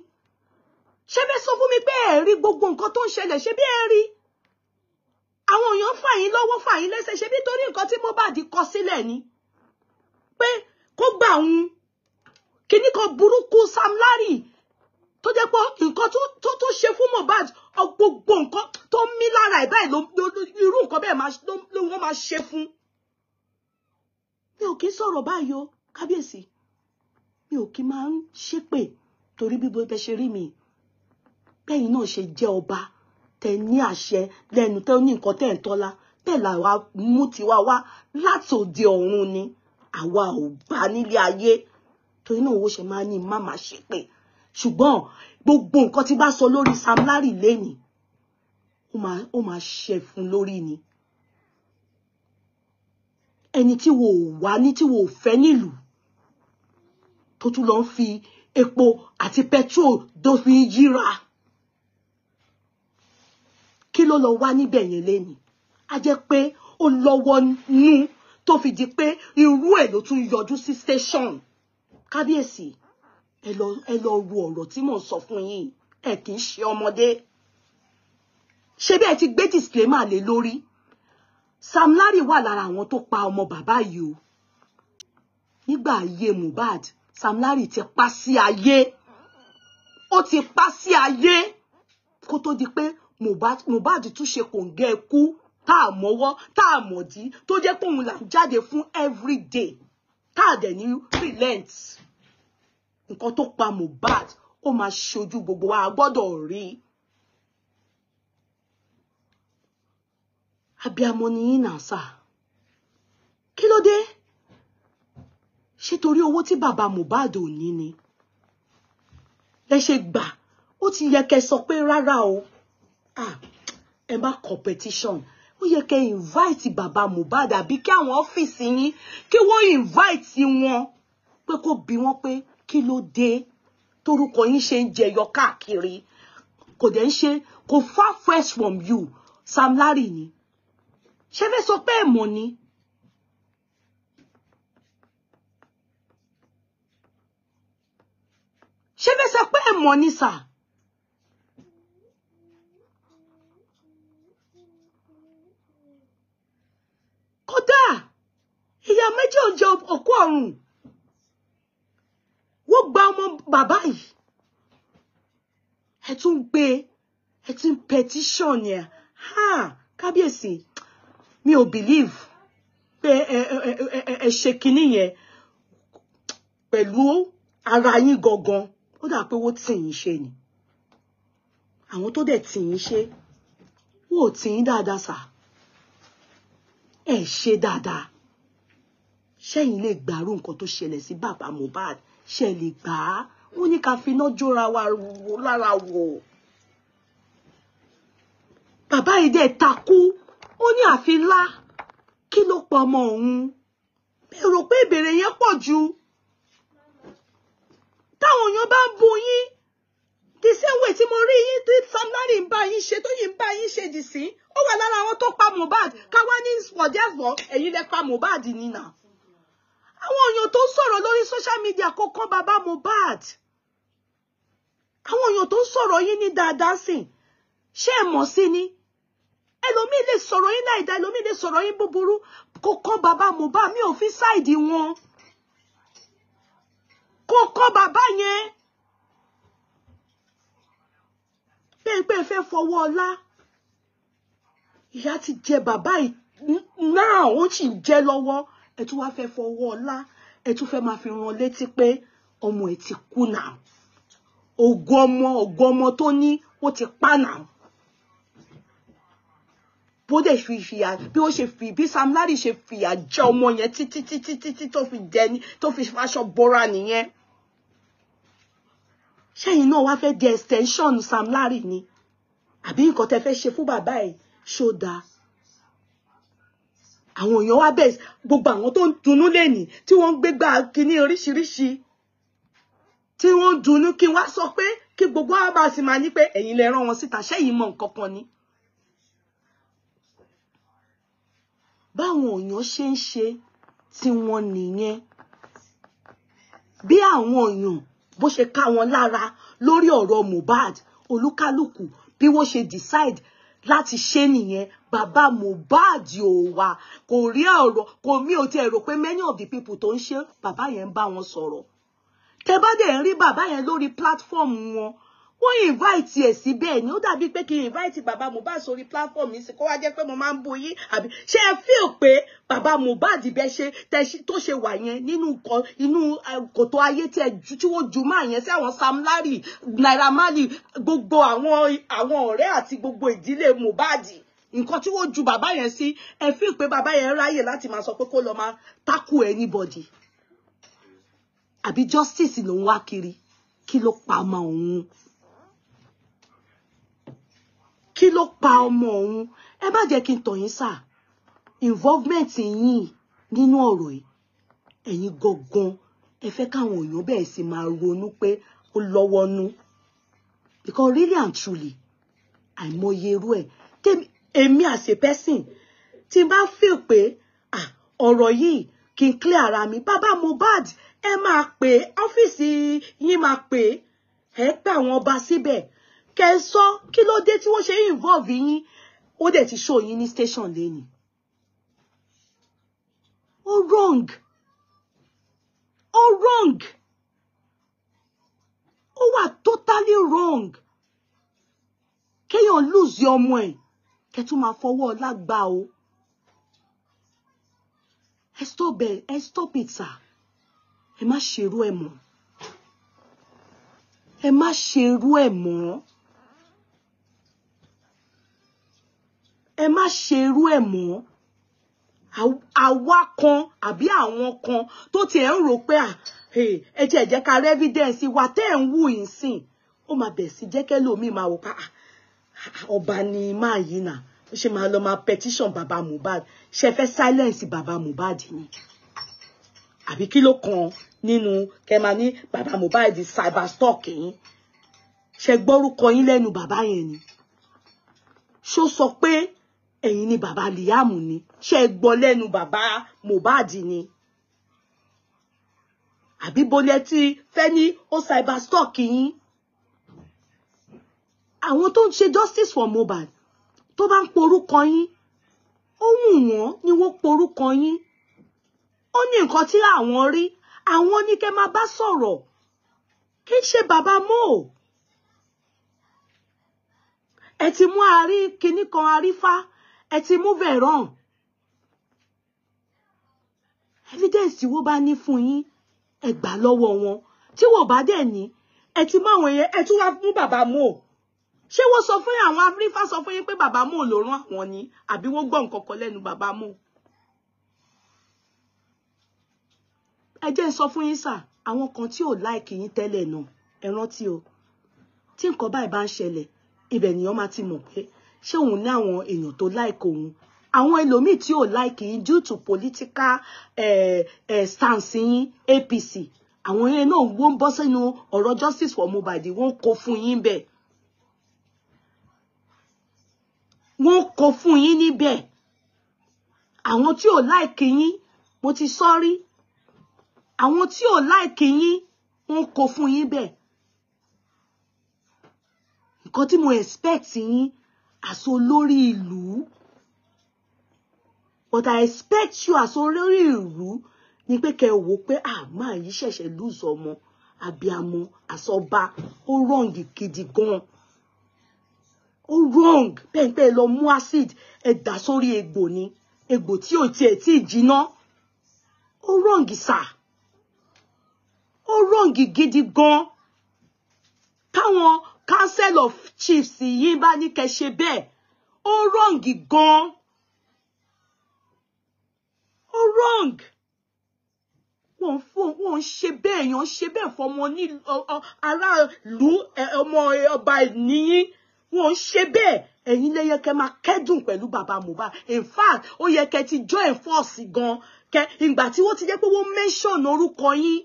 A: ṣebí sọ fún mi pé ẹ rí gbogbo nǹkan tó ń ṣẹlẹ̀ ṣebí ẹ rí àwọn èèyàn fà yín lọ́wọ́ fà yín lẹ́sẹ̀ ṣebí torí nǹkan tí Mohbad kọ sílẹ̀ ni pé kó gbà òun kíní kan burúkú Sam Larry tó jẹ́ pé nǹkan tó tó ṣe fún Mohbad gbogbo nǹkan tó mí lára ẹ̀ báyìí irú nǹkan bẹ́ẹ̀ ló wọ́n máa ṣe fún. mi ò kí sọ̀rọ̀ báyìí o kábíyèsí mi ò kí máa ń ṣépè torí bíbo ibẹ̀ ṣe rí mi bẹ́yìn náà ṣe jẹ́ ọba tẹ ní àṣẹ lẹ́nu tẹ ní nǹkan tẹ̀ ń tọ́lá bẹ́ẹ̀ làwa mú tiwa wá láti òde ọ̀run ni àwa ò bá nílé ayé torí náà owó ṣe máa ní má má ṣe pé ṣùgbọ́n gbogbo nǹkan tí bá sọ lórí Sam Larry lẹ́yìn ó máa ṣe fún lórí ni ẹni tí wo ò wá ní tí wo ò fẹ́ nílùú tó tún lọ ń fi epo àti petrol tó fi yíra kí ló lọ wá níbẹ̀ yẹn lẹ́yìn a jẹ́ pé ó lọ́wọ́ nú tó fi di pé irú ẹ̀ ló tún yọjú sí station kábíyèsí ẹ lọ ẹ lọ ro ọ̀rọ̀ tí mò ń sọ fún yín ẹ kì í ṣe ọmọdé ṣé bí ẹ ti gbé disclaimer lé lórí Sam Larry wà lára àwọn tó pa ọmọ bàbá yìí o nígbà ayé Mohbad Sam Larry ti pa sí ayé ó ti pa sí ayé kó tó di pé Mohbad Mohbad tún ṣe kòǹgẹ́ ikú tá a mọ́wọ́ tá a mọ̀dí tó jẹ́ pé òun là ń jáde fún every day tá a dẹ̀ ní relent nǹkan tó pa Mohbad ó máa ṣojú gbogbo wa a gbọ́dọ̀ rí abiamọ ni yín náà sà kí ló dé ṣé torí owó tí bàbá Mohbad ò ní ni lẹ ṣe gbà ó ti yẹ kẹ́ sọ pé rárá o ah ẹ má competition ó yẹ kẹ́ invite bàbá Mohbad àbí kí àwọn ọ́fíìsì yín kí wọ́n invite wọn pé kó bi wọ́n pé kí ló dé torúkọ yín ṣe ń jẹyọ káàkiri kò dẹ̀ ń ṣe kò far fresh from you Sam Larry ni ṣe fẹ́ sọ pé èèmọ̀ ni. ṣe fẹ́ sọ pé èèmọ̀ ni sáà. kódà ìyá méjì ò jẹ òkú ọ̀run wọ́n gba ọmọ bàbá yìí ẹ tún gbé ẹ tún petition yẹn ha kábíyèsí mi ò believe pé ẹ ẹ ẹ ẹ ṣe kinní yẹn pẹ̀lú ara yín gangan ó dà pé wọ́n tì yín ṣe ni àwọn tó dẹ̀ tì yín ṣe wọ́n ò tì yín dáadáa sáà ẹ ṣe dáadáa ṣẹ́yìn lè gbàrú nǹkan tó ṣẹlẹ̀ sí bàbá Mohbad ṣe lè gbà á wọ́n ní ká finá jóra wa wò lára wò bàbá yìí dẹ̀ takú ó ní àfi ńlá kí ló pọ̀ ọmọ òun mi rò pé ìbéèrè yẹn pọ̀ jù táwọn èèyàn bá ń bu yín the same way tí mo rí yín tí sam ń bá yín ṣe tó yìí ń bá yín ṣe dì sí ó wà lára àwọn tó pa Mohbad káwá ní fọ̀dẹ́fọ̀ ẹ̀yin lẹ pa Mohbad nínà àwọn èèyàn tó ń lórí social media kò kọ́ bàbá Mohbad àwọn èèyàn tó ń sọ̀rọ̀ yín ní dáadáa sìn ṣé ẹ mọ̀ sí ni ẹlòmíì lè sọ̀rọ̀ yín láìda ẹlòmíì lè sọ̀rọ̀ yín búburú kò kọ́ bàbá Mohbad mi ò fi ṣáìdì wọn kò kọ́ bàbá yẹn pé pé fẹ́ fọwọ́ ọlá ìyá ti jẹ bàbá yìí náà ó sì ń jẹ lọ́wọ́ ẹ tún wáá fẹ́ fọwọ́ ọlá ẹ tún fẹ́ máa fi rán létí pé ọmọ ẹ ti kú náà ògo ọmọ ògo ọmọ tó ní ó ti pa náà bó dẹ̀ fi ìfìyà bí ó ṣe fi bí Sam Larry ṣe fìyà jẹ ọmọ yẹn títí títí títí tó fi jẹni tó fi faṣọ bora nìyẹn ṣẹ́yìn náà wá fẹ́ di extension Sam Larry ni àbí nǹkan tẹ́ fẹ́ ṣe fún bàbá yìí ṣó dáa àwọn èèyàn wá bẹ́ẹ̀ gbogbo àwọn tó ń dunnú lẹ́nìí tí wọ́n ń gbégbá kínní oríṣiríṣi tí wọ́n ń dunnú kí wá sọ pé kí gbogbo wa bá sì máa ní pé ẹ̀yin lè rán wọn síta ṣẹ́yìn mọ nǹkan kan ni. báwọn èèyàn ṣe ń ṣe tiwọn nìyẹn bí àwọn èèyàn bó ṣe ká wọn lára lórí ọ̀rọ̀ Mohbad olúkálùkù bí wọ́n ṣe decide láti ṣe nìyẹn bàbá Mohbad ò wá kò rí ọ̀rọ̀ kò mí ò tiẹ̀ rò pé many of the people tó ń ṣe bàbá yẹn ń bá wọn sọ̀rọ̀ tẹ bá dẹ̀ ń rí bàbá yẹn lórí platform wọn wọ́n invite ẹ̀ síbẹ̀ ni ó dàbí pé kí invite baba Mohbad sórí platform yìí sí kó wá jẹ́ pé mo máa ń bu yín àbí ṣé ẹ feel pé bàbá Mohbad bẹ ṣe tó ṣe wà yẹn nínú nǹkan inú kòtò ayé tí ẹ tí wọ́n jù máa yẹn sí àwọn Sam Larry Naira Marley gbogbo àwọn àwọn ọ̀rẹ́ àti gbogbo ìdílé Mohbad nǹkan tí wọ́n ju baba yẹn sí ẹ feel pé bàbá yẹn ráyè láti máa sọ pé kó lọ máa tackle anybody àbí justice ló ń wá kiri kí ló pa ọmọ òun kí ló pa ọmọ òun ẹ bá jẹ́ kí n tọ̀ yín sà involvement yín nínú ọ̀rọ̀ yìí ẹ̀yin gangan ẹ fẹ́ káwọn èèyàn bẹ̀rẹ̀ sí máa ronú pé ó lọ́wọ́ nú because really and truly àìmọye irú ẹ̀ èmi as a person tí n bá feel pé ọ̀rọ̀ yìí kí n clear ara mi bàbá Mohbad ẹ máa pè ọ́fíìsì yín máa pè ẹ pé àwọn ọba síbẹ̀ kẹ́ sọ kí ló dé tí wọ́n ṣe involve yín ó dẹ̀ ti show ní station lẹ́ni ó wrong ó wrong ó wà totally wrong kéèyàn lose your ọmọ ẹ̀ kẹ́ tún máa fọwọ́ ọlá gbà o ẹ stop ẹ ẹ stop it sir ẹ má ṣerú ẹ̀ mọ́ ẹ má ṣerú ẹ̀ mọ́. ẹ má ṣe irú ẹ̀ mọ́ àwa kan àbí àwọn kan tó tiẹ̀ ń rò pé ah, ẹ jẹ́ jẹ́ ká rẹ́fídẹ́ǹsì wa tẹ́ ẹ̀ ń wù yín sìn ó máa bẹ̀ sí jẹ́kẹ́ lómi máa wò pa ah, ah, ọba ni máa yìí nà ó ṣe máa lọ máa petition baba Mohbad ṣe fẹ́ silence baba Mohbad ni àbí kí ló kan nínú kẹ máa ní baba Mohbad cyberstalk yín ṣe gbọ́rúkọ yín lẹ́nu bàbá yẹn ni ṣó sọ pé ẹ̀yin ni bàbá Liam ni ṣe gbọ́ lẹ́nu bàbá Mohbad ni àbí bolẹ̀ tí fẹ́ni ó cyberstalk yín àwọn tó ń ṣe justice for Mohbad tó bá ń porúkọ yín ó wù wọ́n ni wọ́n porúkọ yín ó ní nǹkan tí àwọn rí àwọn ní kẹ́ máa bá sọ̀rọ̀ kì í ṣe bàbá Mo ẹ ti mú àárí kinní kan àárífá ẹ ti move ẹ wrong evidence wo bá ní fún yín ẹ gbà lọ́wọ́ wọn tí wò bá dẹ̀ ní ẹ ti mú àwọn yẹn ẹ tún wá mú bàbá mú o ṣé wọ́n sọ fún àwọn afrífà sọ fún yín pé bàbá mú ló rán àwọn ni àbí wọ́n gbọ́ nǹkan kan lẹ́nu bàbá mú ẹ jẹ́ sọ fún yín sà àwọn kan tí ò láìkì yín tẹ́lẹ̀ náà ẹ rántí o tí nǹkan báyìí bá ń ṣẹlẹ̀ ibẹ̀ nìyẹn máa ti mọ̀ pé ṣé òun ní àwọn èèyàn tó like òun àwọn ẹlòmíì tí ò like yín due to political eh, eh, stance yín APC àwọn yẹn náà wọ́n ń bọ́ sínú ọ̀rọ̀ justice for Mohbad wọ́n kó fún yín bẹ́ẹ̀ wọ́n kó fún yín níbẹ̀ àwọn tí ò like yín mo ti sọ́rí àwọn tí ò like yín wọ́n kó fún yín bẹ́ẹ̀ nǹkan tí mo expect yín as olórí ìlú but i expect you as olórí ìlú ni pé kẹ́ wò pé ah máa yìí ṣẹ̀ṣẹ̀ lose ọmọ abiamọ àsọba ó wrong gidi gan ó wrong pẹ́ńpẹ́ lọ mú acid ẹ dà sórí egbò ni egbò tí ò tiẹ̀ tí ì jiná ó wrong sà ó wrong gidi gan káwọn council of chiefs yìí bá ní kẹ́ ṣe bẹ́ẹ̀ ó wrong gan ó wrong wọn fún wọn ṣe bẹ́ẹ̀ yàn ṣe bẹ́ẹ̀ fọmọ ní aráàlú ọmọ ọba nìyí wọn ṣe bẹ́ẹ̀ ẹ̀yin lè yẹ kẹ́ máa kẹ́dùn pẹ̀lú bàbá Mohbad in fact ó yẹ kẹ́ ti join force gan kẹ́ ìgbà tí wọ́n ti jẹ́ pé wọ́n mention orúkọ yín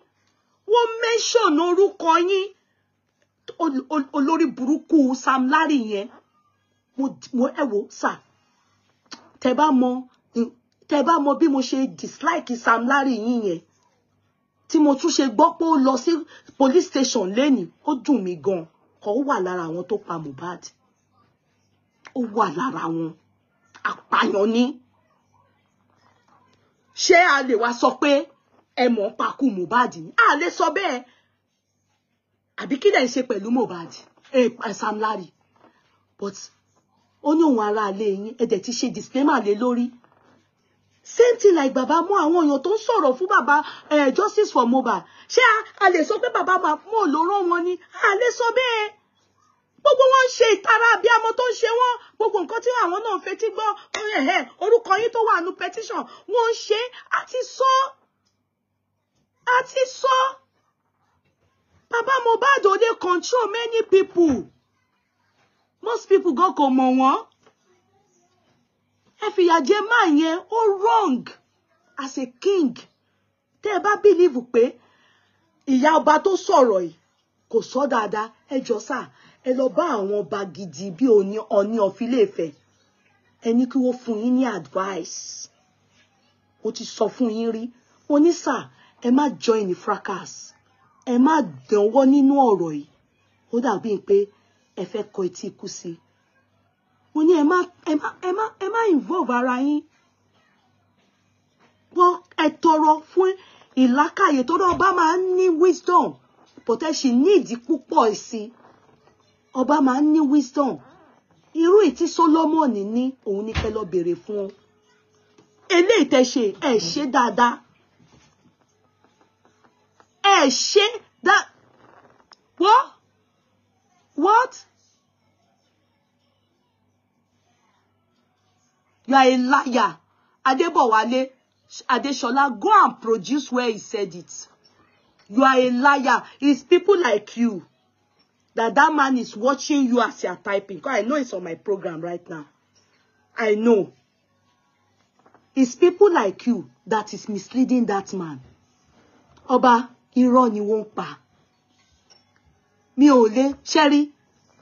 A: wọ́n mention orúkọ yín olórí burúkú Sam Larry yẹn mo ẹ wo sà tẹ bá mọ tẹ bá mọ bí mo ṣe dislike Sam Larry yín yẹn tí mo tún ṣe gbọ́ pé ó lọ police station leni o dùn mí gan kò ó wà lára àwọn tó pa Mohbad ó wà lára wọn àpàyàn ni ṣé a lè wa sọ pé ẹ mọ̀ ń pa ni a le sọ bẹ́ẹ̀ àbí kí lẹ̀ ń ṣe pẹ̀lú Mohbad Sam Larry but ó ní òun ara ilé yín ẹ̀dẹ̀ ti ṣe disclaimer lé lórí same thing like baba mú àwọn èèyàn tó ń sọ̀rọ̀ fún bàbá justice for Mohbad ṣé a lè sọ pé bàbá máa mú òlóró wọn ni a lè sọ bẹ́ẹ̀ gbogbo wọn ń ṣe ìtara bí amọ tó ń ṣe wọn gbogbo nǹkan tí àwọn náà fetí gbọ́ orúkọ yín tó wà nù petition wọn ń ṣe àti sọ àti sọ. So baba mohbad o dey control many people. most pipo gan kò mọ̀ wọ́n ẹ fìyà jẹ máa yẹn ó wrong as a king tẹ́ ẹ bá bìlíìfù pé ìyá ọba tó sọ̀rọ̀ yìí kò sọ dáadáa ẹ jọ sá ẹ lọ bá àwọn gidi bí òní ọní ọfílẹ̀fẹ̀ ẹ ní kí wọ́n fún yín ní advice ó ti sọ fún yín rí wọ́n ní sá ẹ má join fracas ẹ má dánwọ́ nínú ọ̀rọ̀ yìí ó dàbí pé ẹ fẹ́ kọ etí ikú sí i mo ní ẹ má ẹ má ẹ involve ara yín bọ́ ẹ tọrọ fún ìlàkàyè tó dọ́ ọba máa ń ní wisdom pọ̀tẹ́sì nídìí púpọ̀ sí i ọba máa ń ní wisdom irú ìtí Solomon ní òun ní kẹ́ lọ béèrè fún ọ eléyìí tẹ́ ṣe ẹ ṣe dáadáa ẹ ṣe that what what you are a liar Adébọ̀wálé Adéṣọlá go and produce where he said it you are a liar it's people like you that that man is watching you as you are typing because I know it's on my program right now I know it's people like you that is misleading that man Oba irọ́ ni wọ́n ń pa mi ò lè ṣẹ́rí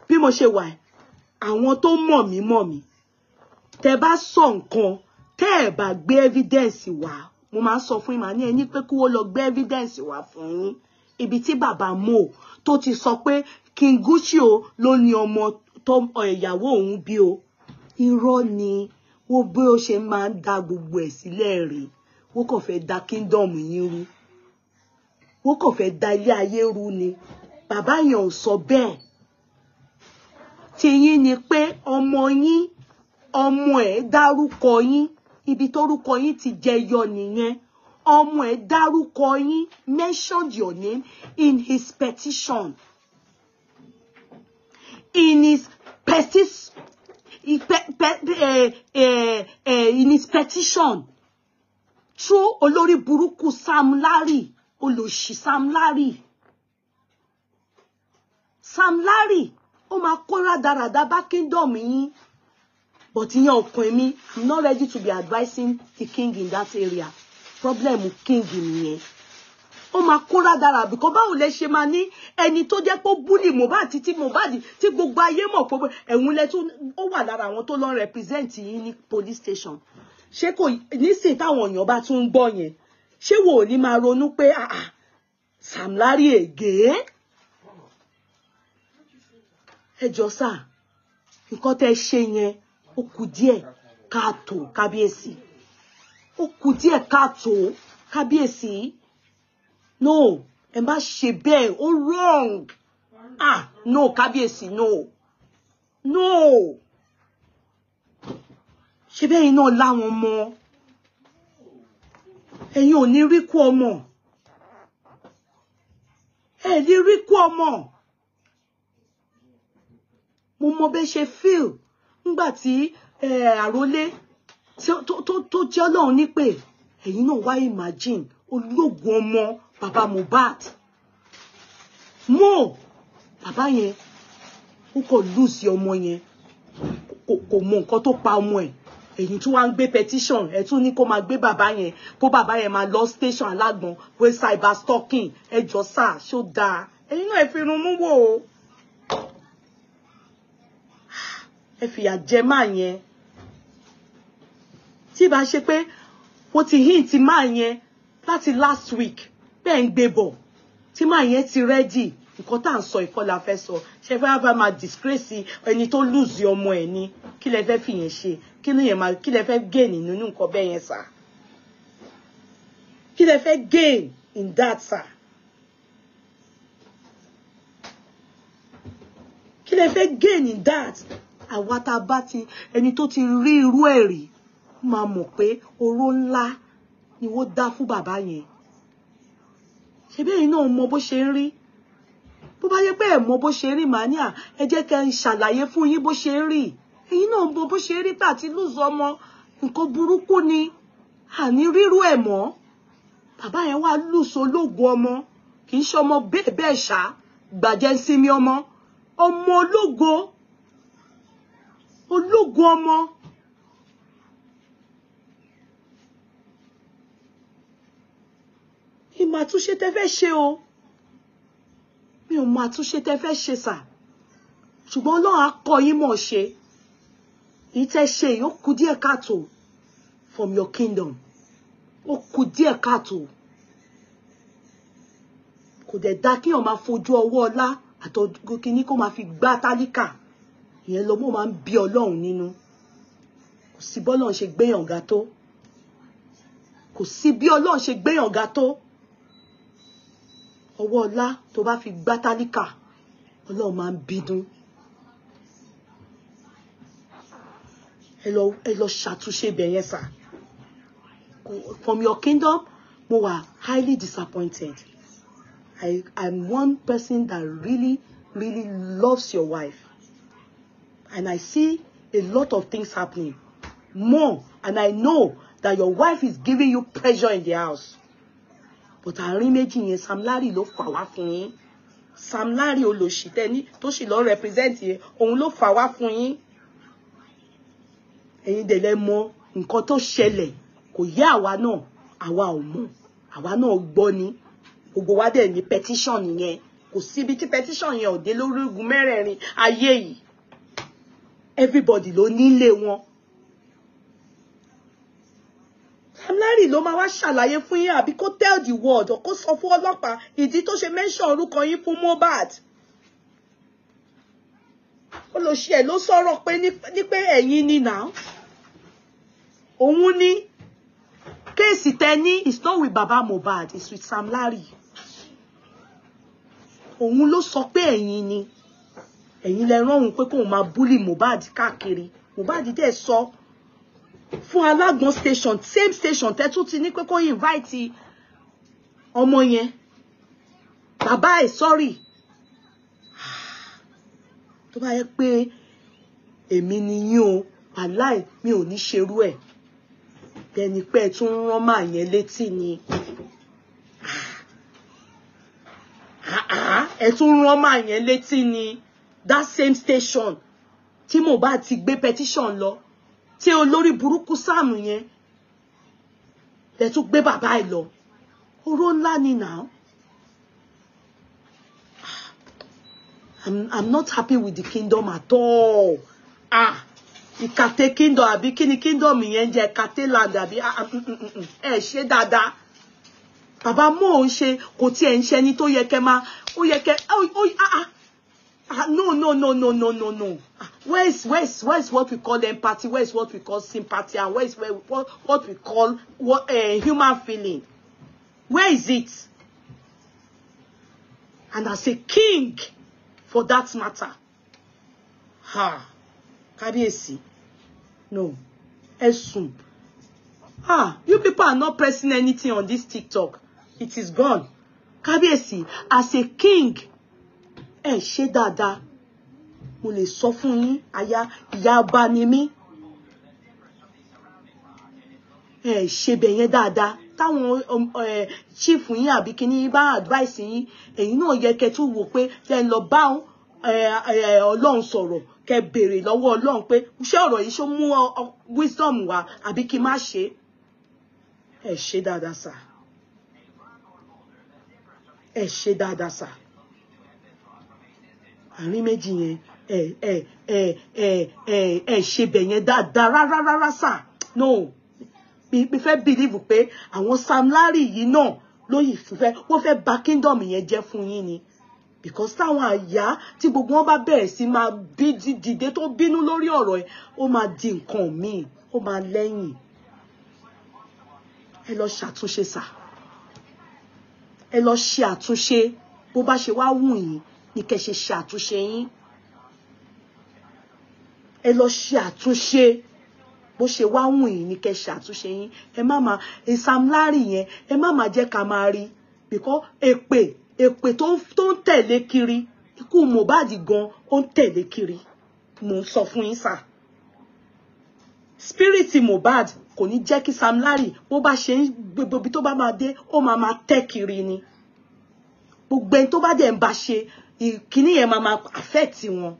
A: bí mo ṣe wà àwọn tó mọ̀ mí mọ̀ mí tẹ́ bá sọ nǹkan tẹ́ ẹ̀ bá gbé evidence wá mo máa ń sọ fún ìmọ̀ ní ẹni pé kí wọ́n lọ gbé evidence wá fún yín ibi tí bàbá mo tó ti sọ pé King Gucci o ló ní ọmọ tó ìyàwó òun bí o irọ́ ni wo bí ó ṣe máa ń da gbogbo ẹ̀ sílẹ̀ rèé wọ́n kàn fẹ́ da kingdom yín rú wọ́n kàn fẹ́ da ilé ayé rú ni bàbá yẹn ò sọ bẹ́ẹ̀ tiyín ni pé ọmọ yín ọmọ ẹ̀ dárúkọ yín ibi tórúkọ yín ti jẹyọ nìyẹn ọmọ ẹ̀ dárúkọ yín mentioned your name in his petition in his petition. He pe, pe, eh, eh, eh, in his petition through olórí burúkú Sam Larry olòṣì Sam Larry Sam Larry ó máa kó rádaràda bá kingdom yín but ìyẹn ọkàn mi i'm not ready to be advising the king in that area problem king nìyẹn ó máa kó rádàrà bìkọ́ báwo lẹ ṣe máa ní ẹni tó jẹ́ pé búlì Mohbad títí Mohbad tí gbogbo ayé mọ̀ pé ẹ̀hún lẹ ó wà lára àwọn tó lọ represent yín ní police station ṣé kò nísìn táwọn èèyàn bá tún ń gbọ́ yẹn ṣé wo ò ní máa ronú pé ah, ah Sam Larry ègé ẹjọ sá nǹkan tẹ ṣe yẹn ó kù díẹ̀ káàtó kábíyèsí ó kù díẹ̀ káàtó kábíyèsí no ẹ má ṣe bẹ́ẹ̀ ó wrong ah no kábíyèsí no no ṣe bẹ́ẹ̀ iná láwọn ọmọ ẹ̀yin ò ní rí kú ọmọ ẹ̀ ní rí kú ọmọ mo mọ bẹ́ ṣe feel nígbà tí eh, àrólé tó jẹ́ ọlọ́run nípè ẹ̀yin náà wá imagine ológun ọmọ bàbá Mohbad mo bàbá yẹn ó kò lùsì ọmọ yẹn kò mọ nǹkan tó pa ọmọ ẹ̀ èyí tún wá ń gbé petition ẹ tún ní kó máa gbé bàbá yẹn kó bàbá yẹn máa lọ station alágbọn wé cyber stalking ẹ jọ sá ṣó dáa ẹ̀yin náà ẹ fi irun mú wò ó ẹ fìyà jẹ máa yẹn tí bá ṣe pé wọ́n ti hint máa yẹn láti last week bẹ́ẹ̀ ń gbé bọ̀ tí máa yẹn ti ready nǹkan tá à ń sọ ìkọ́ la fẹ́ sọ ṣe fẹ́ bá máa disgrace ẹni tó lùzì ọmọ ẹ̀ ni kí lẹ fẹ́ fìyẹn ṣe kí ló máa kí lẹ fẹ́ gain nínú nǹkan bẹ́ẹ̀ yẹn sà kí lẹ fẹ́ gain in that sà kí lẹ fẹ́ gain in that àwa tá a bá ti ẹni tó ti rí irú ẹ̀ rí máa mọ̀ pé oró ńlá ni wọ́n dá fún bàbá yẹn ṣebí ẹ̀yin náà mọ bó ṣe ń rí bó bá yẹ pé ẹ mọ bó ṣe rí màá ní à ẹ jẹ́ kẹ́ ń ṣàlàyé fún yín bó ṣe rí ẹ̀yin náà mọ bó ṣe rí tàti lùzọ ọmọ nǹkan burúkú ni àní rírú ẹ̀ mọ́ bàbá yẹn wá lùsọ lóògùn ọmọ kì í ṣe ọmọ bẹ́ẹ̀ bẹ́ẹ̀ ṣá gbàjẹ́ sinmi ọmọ ọmọ ológo ológo ọmọ. ìmọ̀ àtúnṣe tẹ́ fẹ́ ṣe o mi ò mọ àtúnṣe tẹ́ fẹ́ ṣe sà ṣùgbọ́n Ọlọ́run á kọ́ yín mọ̀ ṣe èyí tẹ́ ṣe yìí ó kù díẹ̀ káàtó from your kingdom ó kù díẹ̀ káàtó kò dẹ̀ da kéèyàn máa fojú ọwọ́ ọlá àtọ́jú kínní kó máa fi gbá tálíkà ìyẹn lọ́mọ máa ń bí Ọlọ́run nínú kò sí bọ́lọ́run ṣe gbéyàn ga tó kò sí bí Ọlọ́run ṣe gbéyàn ga tó ọwọ́ ọlá tó bá fi gbá tálíkà ọlọ́run máa ń bínú ẹ lọ ṣàtúnṣe bẹ̀yẹn sà from your kingdom mo wà highly disappointed I I'm one person that really really loves your wife and I see a lot of things happening more and I know that your wife is giving you pressure in the house but àárín méjì yẹn Sam Larry ló fà wá fún yín Sam Larry olòṣì tó sì lọ represent yẹn òun ló fà wá fún yín ẹ̀yin dẹ̀ lẹ mọ̀ nǹkan tó ṣẹlẹ̀ kò yé àwa náà àwa ò mọ̀ àwa náà gbọ́ ni gbogbo wa dẹ̀ ní petition yẹn kò síbi tí petition yẹn ò dé lórí igun mẹ́rẹ̀ẹ̀rin ayé yìí everybody ló nílé wọn Samlarry ló máa wá ṣàlàyé fún yín àbí kó tell the world or kó sọ fún ọlọ́pàá ìdí tó ṣe mention orúkọ yín fún Mohbad olóṣì ẹ̀ ló sọ̀rọ̀ pé ní pé ẹ̀yin ni now òun ni kéèsì tẹni is not with baba Mohbad is with Samlarry òun ló sọ pé ẹ̀yin ni ẹ̀yin lẹ rán òun pé kóun máa búlì Mohbad káàkiri Mohbad dẹ̀ sọ. So, fún alágbọn station same station tẹ́ tún ti ní pé kó invite ọmọ yẹn bàbá ẹ̀ Sorry. To bá yẹ pé èmi ni yín o aláì mi ò ní ṣerú ẹ̀ bẹ́ni pé tún rán màá yẹn létí ni ẹ tún rán màá yẹn létí ni that same station tí mo bá ti gbé petition lọ tí olori burúkú sáàmù yẹn le tún gbé bàbá ẹ lọ oro ńlá ni now I'm, not happy with the kingdom at all ah ikate kingdom àbí kíni kingdom yẹn jẹ ìkàtẹ land àbí ah, ah, mm, mm, mm, ẹ ṣe dáadáa bàbá mo ń ṣe kò tiẹ̀ ń ṣe ẹni tó yẹ kẹ máa ó yẹ kẹ ó ah ah. Ah, no, no, no, no, no, no, no. Where is, where is, where is what we call empathy? Where is what we call sympathy? And where is where, what, what we call what, uh, human feeling? Where is it? And as a king, for that matter, ha, Kábíyèsí, no, Ẹ̀sùn. Ah, you people are not pressing anything on this TikTok. It is gone. Kábíyèsí, as a king, ẹ ṣe dáadáa mo lè sọ fún yín aya ìyá ọba ni mí ẹ ṣe bẹ̀ yẹn dáadáa táwọn chief yín àbí kíní bá advice yín ẹ̀yin náà yẹ kẹ́ tún wò pé kẹ́ lọ bá ọlọ́run sọ̀rọ̀ kẹ́ béèrè lọ́wọ́ ọlọ́run pé ṣé ọ̀rọ̀ yìí ṣó mú wisdom wá àbí kí n má ṣe ẹ ṣe dáadáa sà ẹ ṣe dáadáa sà àárín méjì yẹn ẹ ẹ ẹ ẹ ẹ ẹ ṣe bẹ̀ yẹn dáadáa rárá rárá sà no mi fẹ́ bìlíìfù pé àwọn Sam Larry yìí náà lóyìn fífẹ́ wọ́n fẹ́ bà kingdom yẹn jẹ́ fún yín ni because táwọn àyà tí gbogbo wọn bá bẹ̀rẹ̀ sí máa bí dìde tó bínú lórí ọ̀rọ̀ ẹ̀ ó máa di nǹkan míì ó máa lẹ́yìn ẹ lọ ṣàtúnṣe sà ẹ lọ ṣe àtúnṣe bó bá ṣe wá wù yín ni kẹ́ ṣe ṣe àtúnṣe yín ẹ lọ ṣe àtúnṣe bó ṣe wá wùn yín ni kẹ́ ṣe àtúnṣe yín ẹ má máa ìsamlárì yẹn ẹ má máa jẹ́ ká máa rí bìkọ́ èpè èpè tó ń tẹ̀lé kiri ikú Mohbad gan ó ń tẹ̀lé kiri mò ń sọ fún yín sà spirit Mohbad kò ní jẹ́ kí Sam Larry bó bá ṣe ń gbogbo ibi tó bá máa dé ó máa máa tẹ́ kiri ni gbogbo ẹni tó bá dẹ̀ ń bá ṣe Kini yẹn máa máa affect wọn.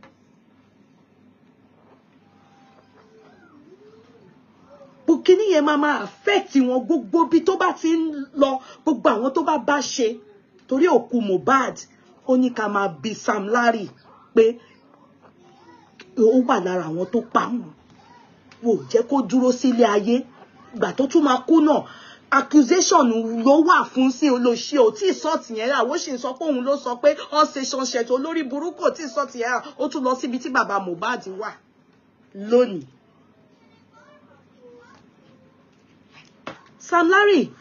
A: kíní yẹn máa máa affect wọn gbogbo bí tó bá ti ń lọ gbogbo àwọn tó bá bá ṣe torí òkú Mohbad ó ní ká máa bi Sam Larry pé ó wà lára àwọn tó pa wọn wò jẹ́ kó dúró sílé ayé ìgbà tó tún máa kú náà accusation ló wà fún sí olóṣè ò tí sọ́ọ̀tì yẹn rà sì ń sọ pé òun ló sọ pé all station ṣètò olórí burúkú tí sọ́ọ̀tì yẹn rà ó tún lọ síbi tí bàbá Mohbad wà lónìí. Sam Larry,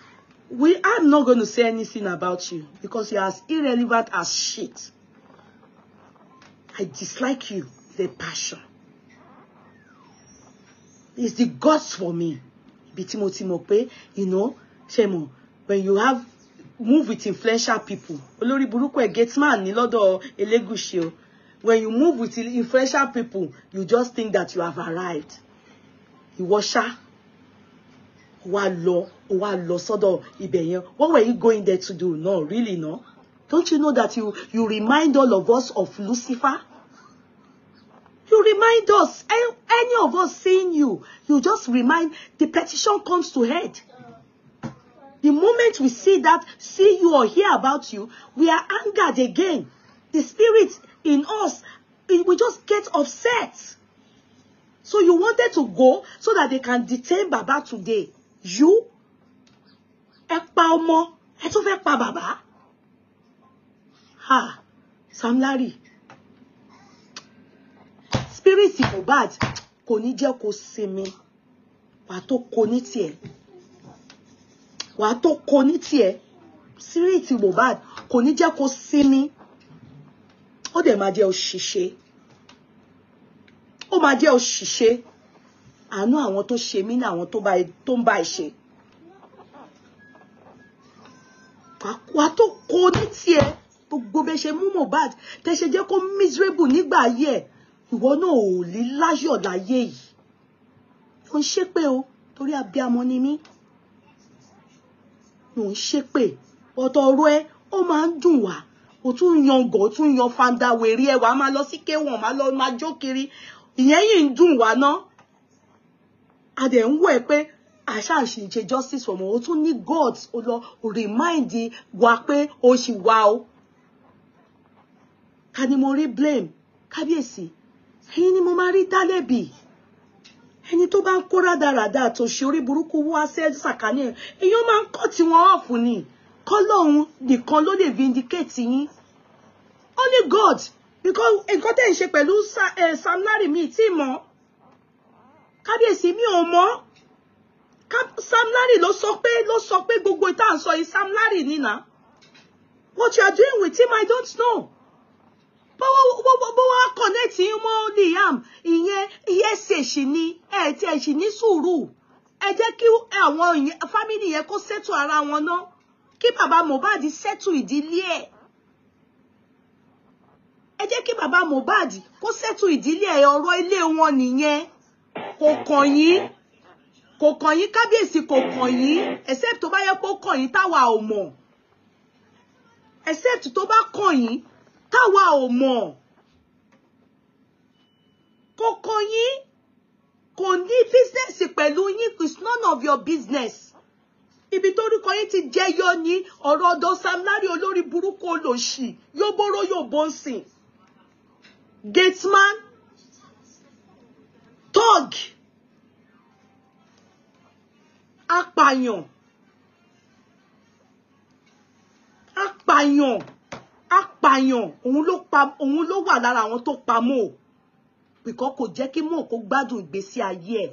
A: we are not going to say anything about you because you're as irrelevant as shit. I dislike you with a passion. It's the gods for me ibi tí mo ti mọ̀ pé you know ṣe mọ̀ when you have move with influential people olórí burúkú ẹ̀ gateman ní lọ́dọ̀ Elégùṣì o when you move with influential people you just think that you have arrived ìwọ ṣá wá lọ wá lọ sọ́dọ̀ ibẹ̀ yẹn what were you going there to do no really no don't you know that you you remind all of us of Lucifer. You remind us, any of us seeing you, you just remind, the petition comes to head. The moment we see that, see you or hear about you, we are angered again. The spirit in us, it, we just get upset. So you wanted to go so that they can detain Baba today. You? Ẹ pa ọmọ, ẹ tún fẹ́ pa Ha, Sam Larry spirit Mohbad kò ní jẹ́ kó sinmi wà tó kó ní tiẹ̀ wà tó kó ní tiẹ̀ spirit Mohbad kò O jẹ́ kó sinmi ó dẹ̀ máa jẹ́ òṣìṣẹ́ ó máa jẹ́ òṣìṣẹ́ àánú àwọn tó ṣe mí ní àwọn tó ń bá ẹ ṣe wà tó kó ní tiẹ̀ gbogbo bẹ ṣe mú Mohbad tẹ ṣe jẹ́ kó miserable nígbà ayé ẹ̀ ìwọ náà ò lè láyọ̀ láyé yìí mo ń ṣépè o torí abiyamọ ni mí mo ń ṣépè ọ̀tọ̀ ọ̀rọ̀ ẹ ó máa ń dùn wá o tún yan gọ̀ o tún yan fanda wèrè ẹ wàá máa lọ sí kéwọ̀n máa lọ máa jó kiri ìyẹn yìí ń dùn wá ná a dẹ̀ ń wọ̀ ẹ́ pé àṣà ìṣe justice for wọn o tún ní gods o lọ remind wa pé o ṣì wá o ká ni mo rí blame kábíyèsí ẹ̀yin ni mo máa rí dálẹ́bì ẹni tó bá ń kó rádaràda àtòṣe orí burúkú wá sí sàkání ẹ̀ èèyàn máa ń kọ́ tiwọn ọ̀fù ni kọ́lọ́hún nìkan ló lè vindicate yín only God because nǹkan tẹ̀ ń ṣe pẹ̀lú Sam Larry mi tí mọ̀ kábíyèsí mi ò mọ̀ Sam Larry ló sọ pé ló sọ pé gbogbo ìta à yìí Sam Larry nínà what you are doing with him I don't know bọ́wọ́ kọ̀nẹ́tì mọ́ Liam ìyẹn ẹsẹ̀ ṣì ni ẹ ti ẹ̀ ṣì ní sùúrù ẹ jẹ́ kí àwọn fámìlì yẹn kó sẹ́tù ara wọn ná kí bàbá Mohbad sẹ́tù ìdílé ẹ̀ ẹ jẹ́ kí bàbá Mohbad kó sẹ́tù ìdílé ẹ̀ ọ̀rọ̀ ilé wọn nìyẹn kò kàn yín kò kàn yín kábíyèsí kò kàn yín except tó bá yẹ kó kàn yín táwa ò mọ̀ except tó bá kàn yín táwa ò mọ̀ kókó yín kò ní bísínẹ́sì pẹ̀lú yín it's none of your business ibi tó orúkọ yín ti jẹyọ ní ọ̀rọ̀ ọ̀dọ̀ Sam Larry olórí burúkú olòṣì yóbóró yóbó ń sìn gateman tug apàyàn apàyàn apààyàn òun ló pa òun ló wà lára àwọn tó pa Mo pìkọ́ kò jẹ́ kí Mo kó gbádùn ìgbésí ayé ẹ̀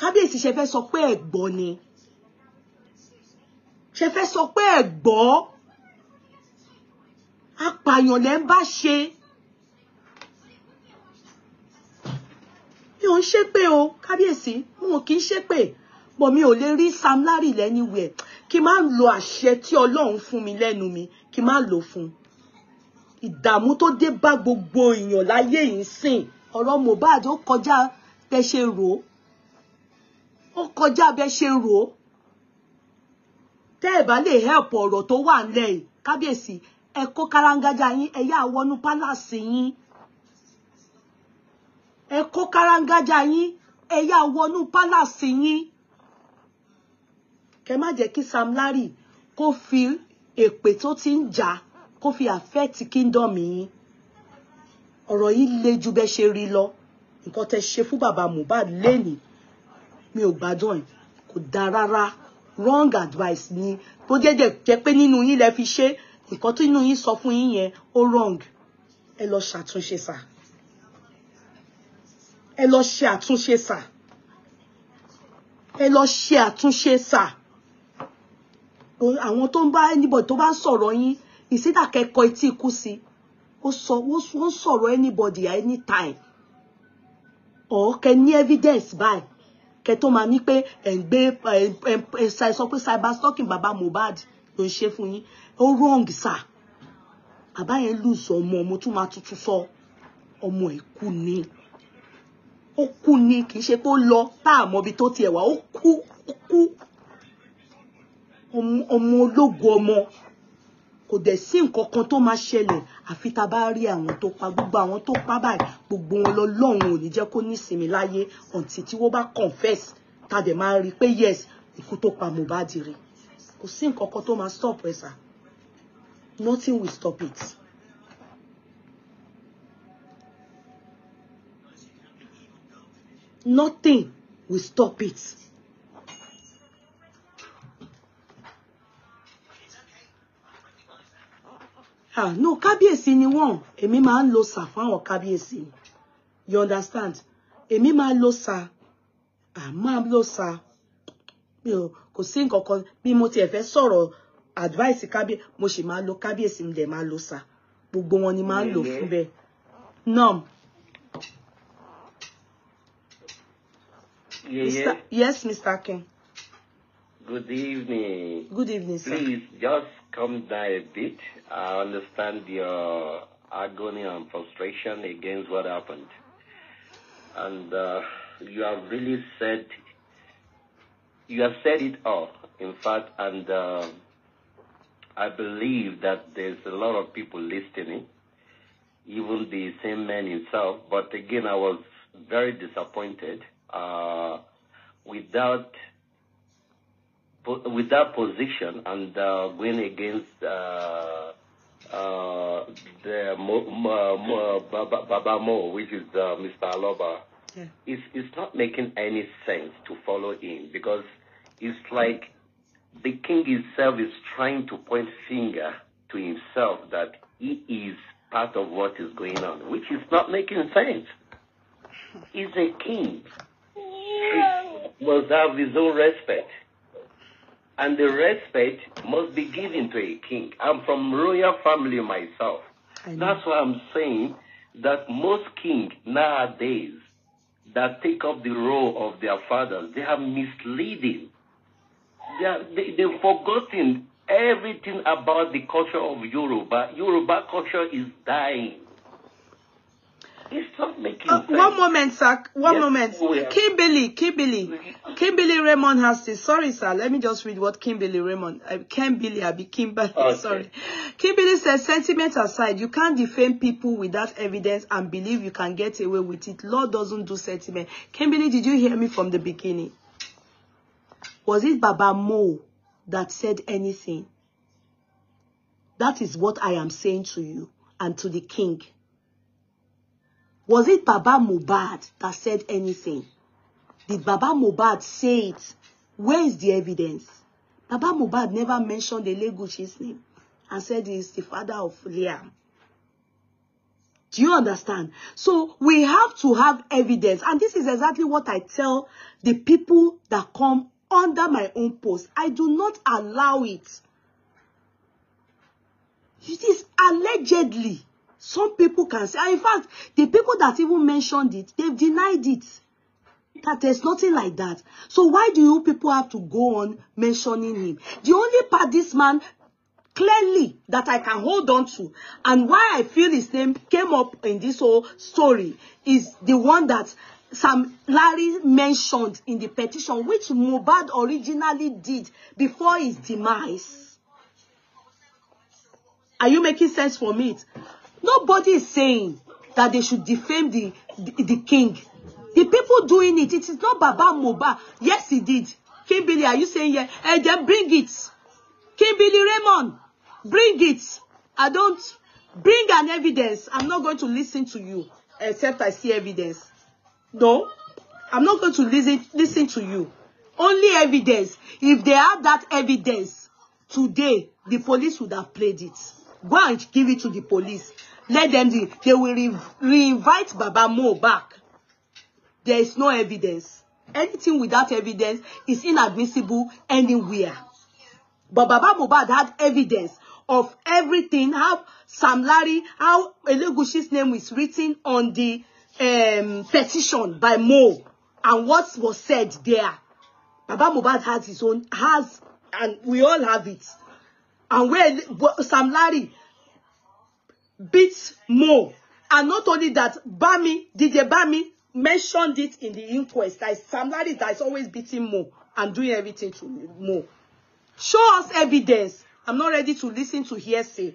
A: kábíyèsí ṣe fẹ́ sọ pé ẹ̀gbọ́ ni ṣe fẹ́ sọ pé ẹ̀gbọ́ apààyàn lẹ́ ń bá ṣe mi ò ń ṣépè o kábíyèsí mo kì í ṣépè bọ̀ mi ò lè rí Sam Larry lẹ́niwẹ̀ẹ́ kí n má lo àṣẹ tí Ọlọ́run fún mi lẹ́nu mi kí n má lò fún ìdààmú tó gbogbo èèyàn láyé yìí sìn ọ̀rọ̀ Mohbad ó kọjá bẹ́ ṣe rò ó ó kọjá bẹ́ ṣe rò ó tẹ́ help ọ̀rọ̀ tó wà ńlẹ̀ yìí kábíyèsí ẹ kó kárangájá yín ẹ yá wọnú pálásì yín ẹ kó kárangájá yín èpè tó ti ń jà kó fi àfẹ́ẹ̀tì kingdom yín ọ̀rọ̀ yìí le ju bẹ́ẹ̀ ṣe rí lọ nǹkan tẹ́ ṣe fún bàbá Mohbad lẹ́nìí mi ò gbádùn ẹ̀ kò dáa rárá wrong advice ni tó jẹ́jẹ́ jẹ́ pé nínú yín lẹ fi ṣe nǹkan tó inú yín sọ fún yín yẹn ó wrong ẹ lọ ṣàtúnṣe sà ẹ lọ ṣe àtúnṣe sà ẹ lọ ṣe àtúnṣe sà àwọn tó ń bá anybody tó bá ń sọ̀rọ̀ yín ìsídà kẹ́kọ̀ọ́ etí ikú sí ó sọ wọ́n sọ̀rọ̀ anybody at any time ọ̀ kẹ ní evidence báyìí kẹ tó máa ní pé ẹ̀ ń gbé ẹ̀ ń sọ pé cyber stalking bàbá Mohbad ló ń ṣe fún yín ó wrong sà bàbá yẹn lùsọ ọmọ ọmọ tó máa tuntun sọ ọmọ ẹ̀ kú ni ó kú ni kì í ṣe pé ó lọ tá àmọ́ ibi tó tiẹ̀ wà ó kú ó kú ọmọ ológo ọmọ kò dẹ̀ sí nǹkan kan tó máa ṣẹlẹ̀ àfi tá a bá rí àwọn tó pa gbogbo àwọn tó pa báyìí gbogbo wọn lọ́lọ́run ò ní jẹ́ kó nísinmi láyé ọ̀ǹtí tí wọ́n bá confess ta a dẹ̀ máa rí pé yes ikú tó pa Mohbad rí kò sí nǹkan kan tó máa stop ẹ sà nothing will stop it. nothing will stop it. Ah, no kábíyèsí ni wọ́n èmi máa ń lo sà fún àwọn you understand Emi máa lo sà ah ma lo sa. mi ò kò sí nǹkan kan mo tiẹ̀ fẹ́ sọ̀rọ̀ advice kábíyèsí mo sì máa lo kábíyèsí mi dẹ̀ máa lo sa. gbogbo wọn ni máa ń lò fún nom. Yeah, yeah. Yes, Mr. King.
C: Good evening. Good evening, sir. Please just come down a bit. I understand your agony and frustration against what happened. And uh, you have really said, you have said it all, in fact, and uh, I believe that there's a lot of people listening, even the same man himself. But again, I was very disappointed. Uh, without with that position and uh, going against uh, uh, the Mo, Mo, Mo, Baba, Mo, which is uh, Mr. Aloba, yeah. it's, it's not making any sense to follow him because it's like the king himself is trying to point finger to himself that he is part of what is going on, which is not making sense. He's a king.
A: He
C: must have his own respect and the respect must be given to a king. I'm from royal family myself. That's why I'm saying that most king nowadays that take up the role of their fathers, they are misleading. They are, they, they've forgotten everything about the culture of Yoruba. Yoruba culture is dying stop making uh,
A: One moment, sir. One yes, moment. Have... Oh, Kimberly, Kimberly. Kimberly Raymond has this. Sorry, sir. Let me just read what Kimberly Raymond. Uh, Kimberly, I be Kimberly. Okay. Sorry. Kimberly says, sentiment aside, you can't defame people without evidence and believe you can get away with it. Law doesn't do sentiment. Kimberly, did you hear me from the beginning? Was it Baba Mo that said anything? That is what I am saying to you and to the king Was it Baba Mubad that said anything? Did Baba Mubad say it? Where is the evidence? Baba Mubad never mentioned the Eleguchi's name and said he is the father of Liam. Do you understand? So we have to have evidence. And this is exactly what I tell the people that come under my own post. I do not allow it. It is allegedly. Some people can say, in fact, the people that even mentioned it, they've denied it. That there's nothing like that. So why do you people have to go on mentioning him? The only part this man clearly that I can hold on to and why I feel his name came up in this whole story is the one that Sam Larry mentioned in the petition, which Mubad originally did before his demise. Are you making sense for me? Nobody is saying that they should defame the, the, the king. The people doing it, it is not Baba Moba. Yes, he did. King Billy, are you saying yeah? And eh, then bring it. King Billy Raymond, bring it. I don't bring an evidence. I'm not going to listen to you except I see evidence. No, I'm not going to listen listen to you. Only evidence. If they had that evidence today, the police would have played it. Go and give it to the police. Let them, de they will re re Baba Mo back. There is no evidence. Anything without evidence is inadmissible anywhere. But Baba Mohbad had evidence of everything, how Sam Larry, how Elegushi's name is written on the um, petition by Mo, and what was said there. Baba Mohbad has his own, has, and we all have it and where Sam Larry beats Mo. And not only that, Bami, DJ Bami mentioned it in the inquest that Sam Larry that is always beating Mo and doing everything to Mo. Show us evidence. I'm not ready to listen to hearsay.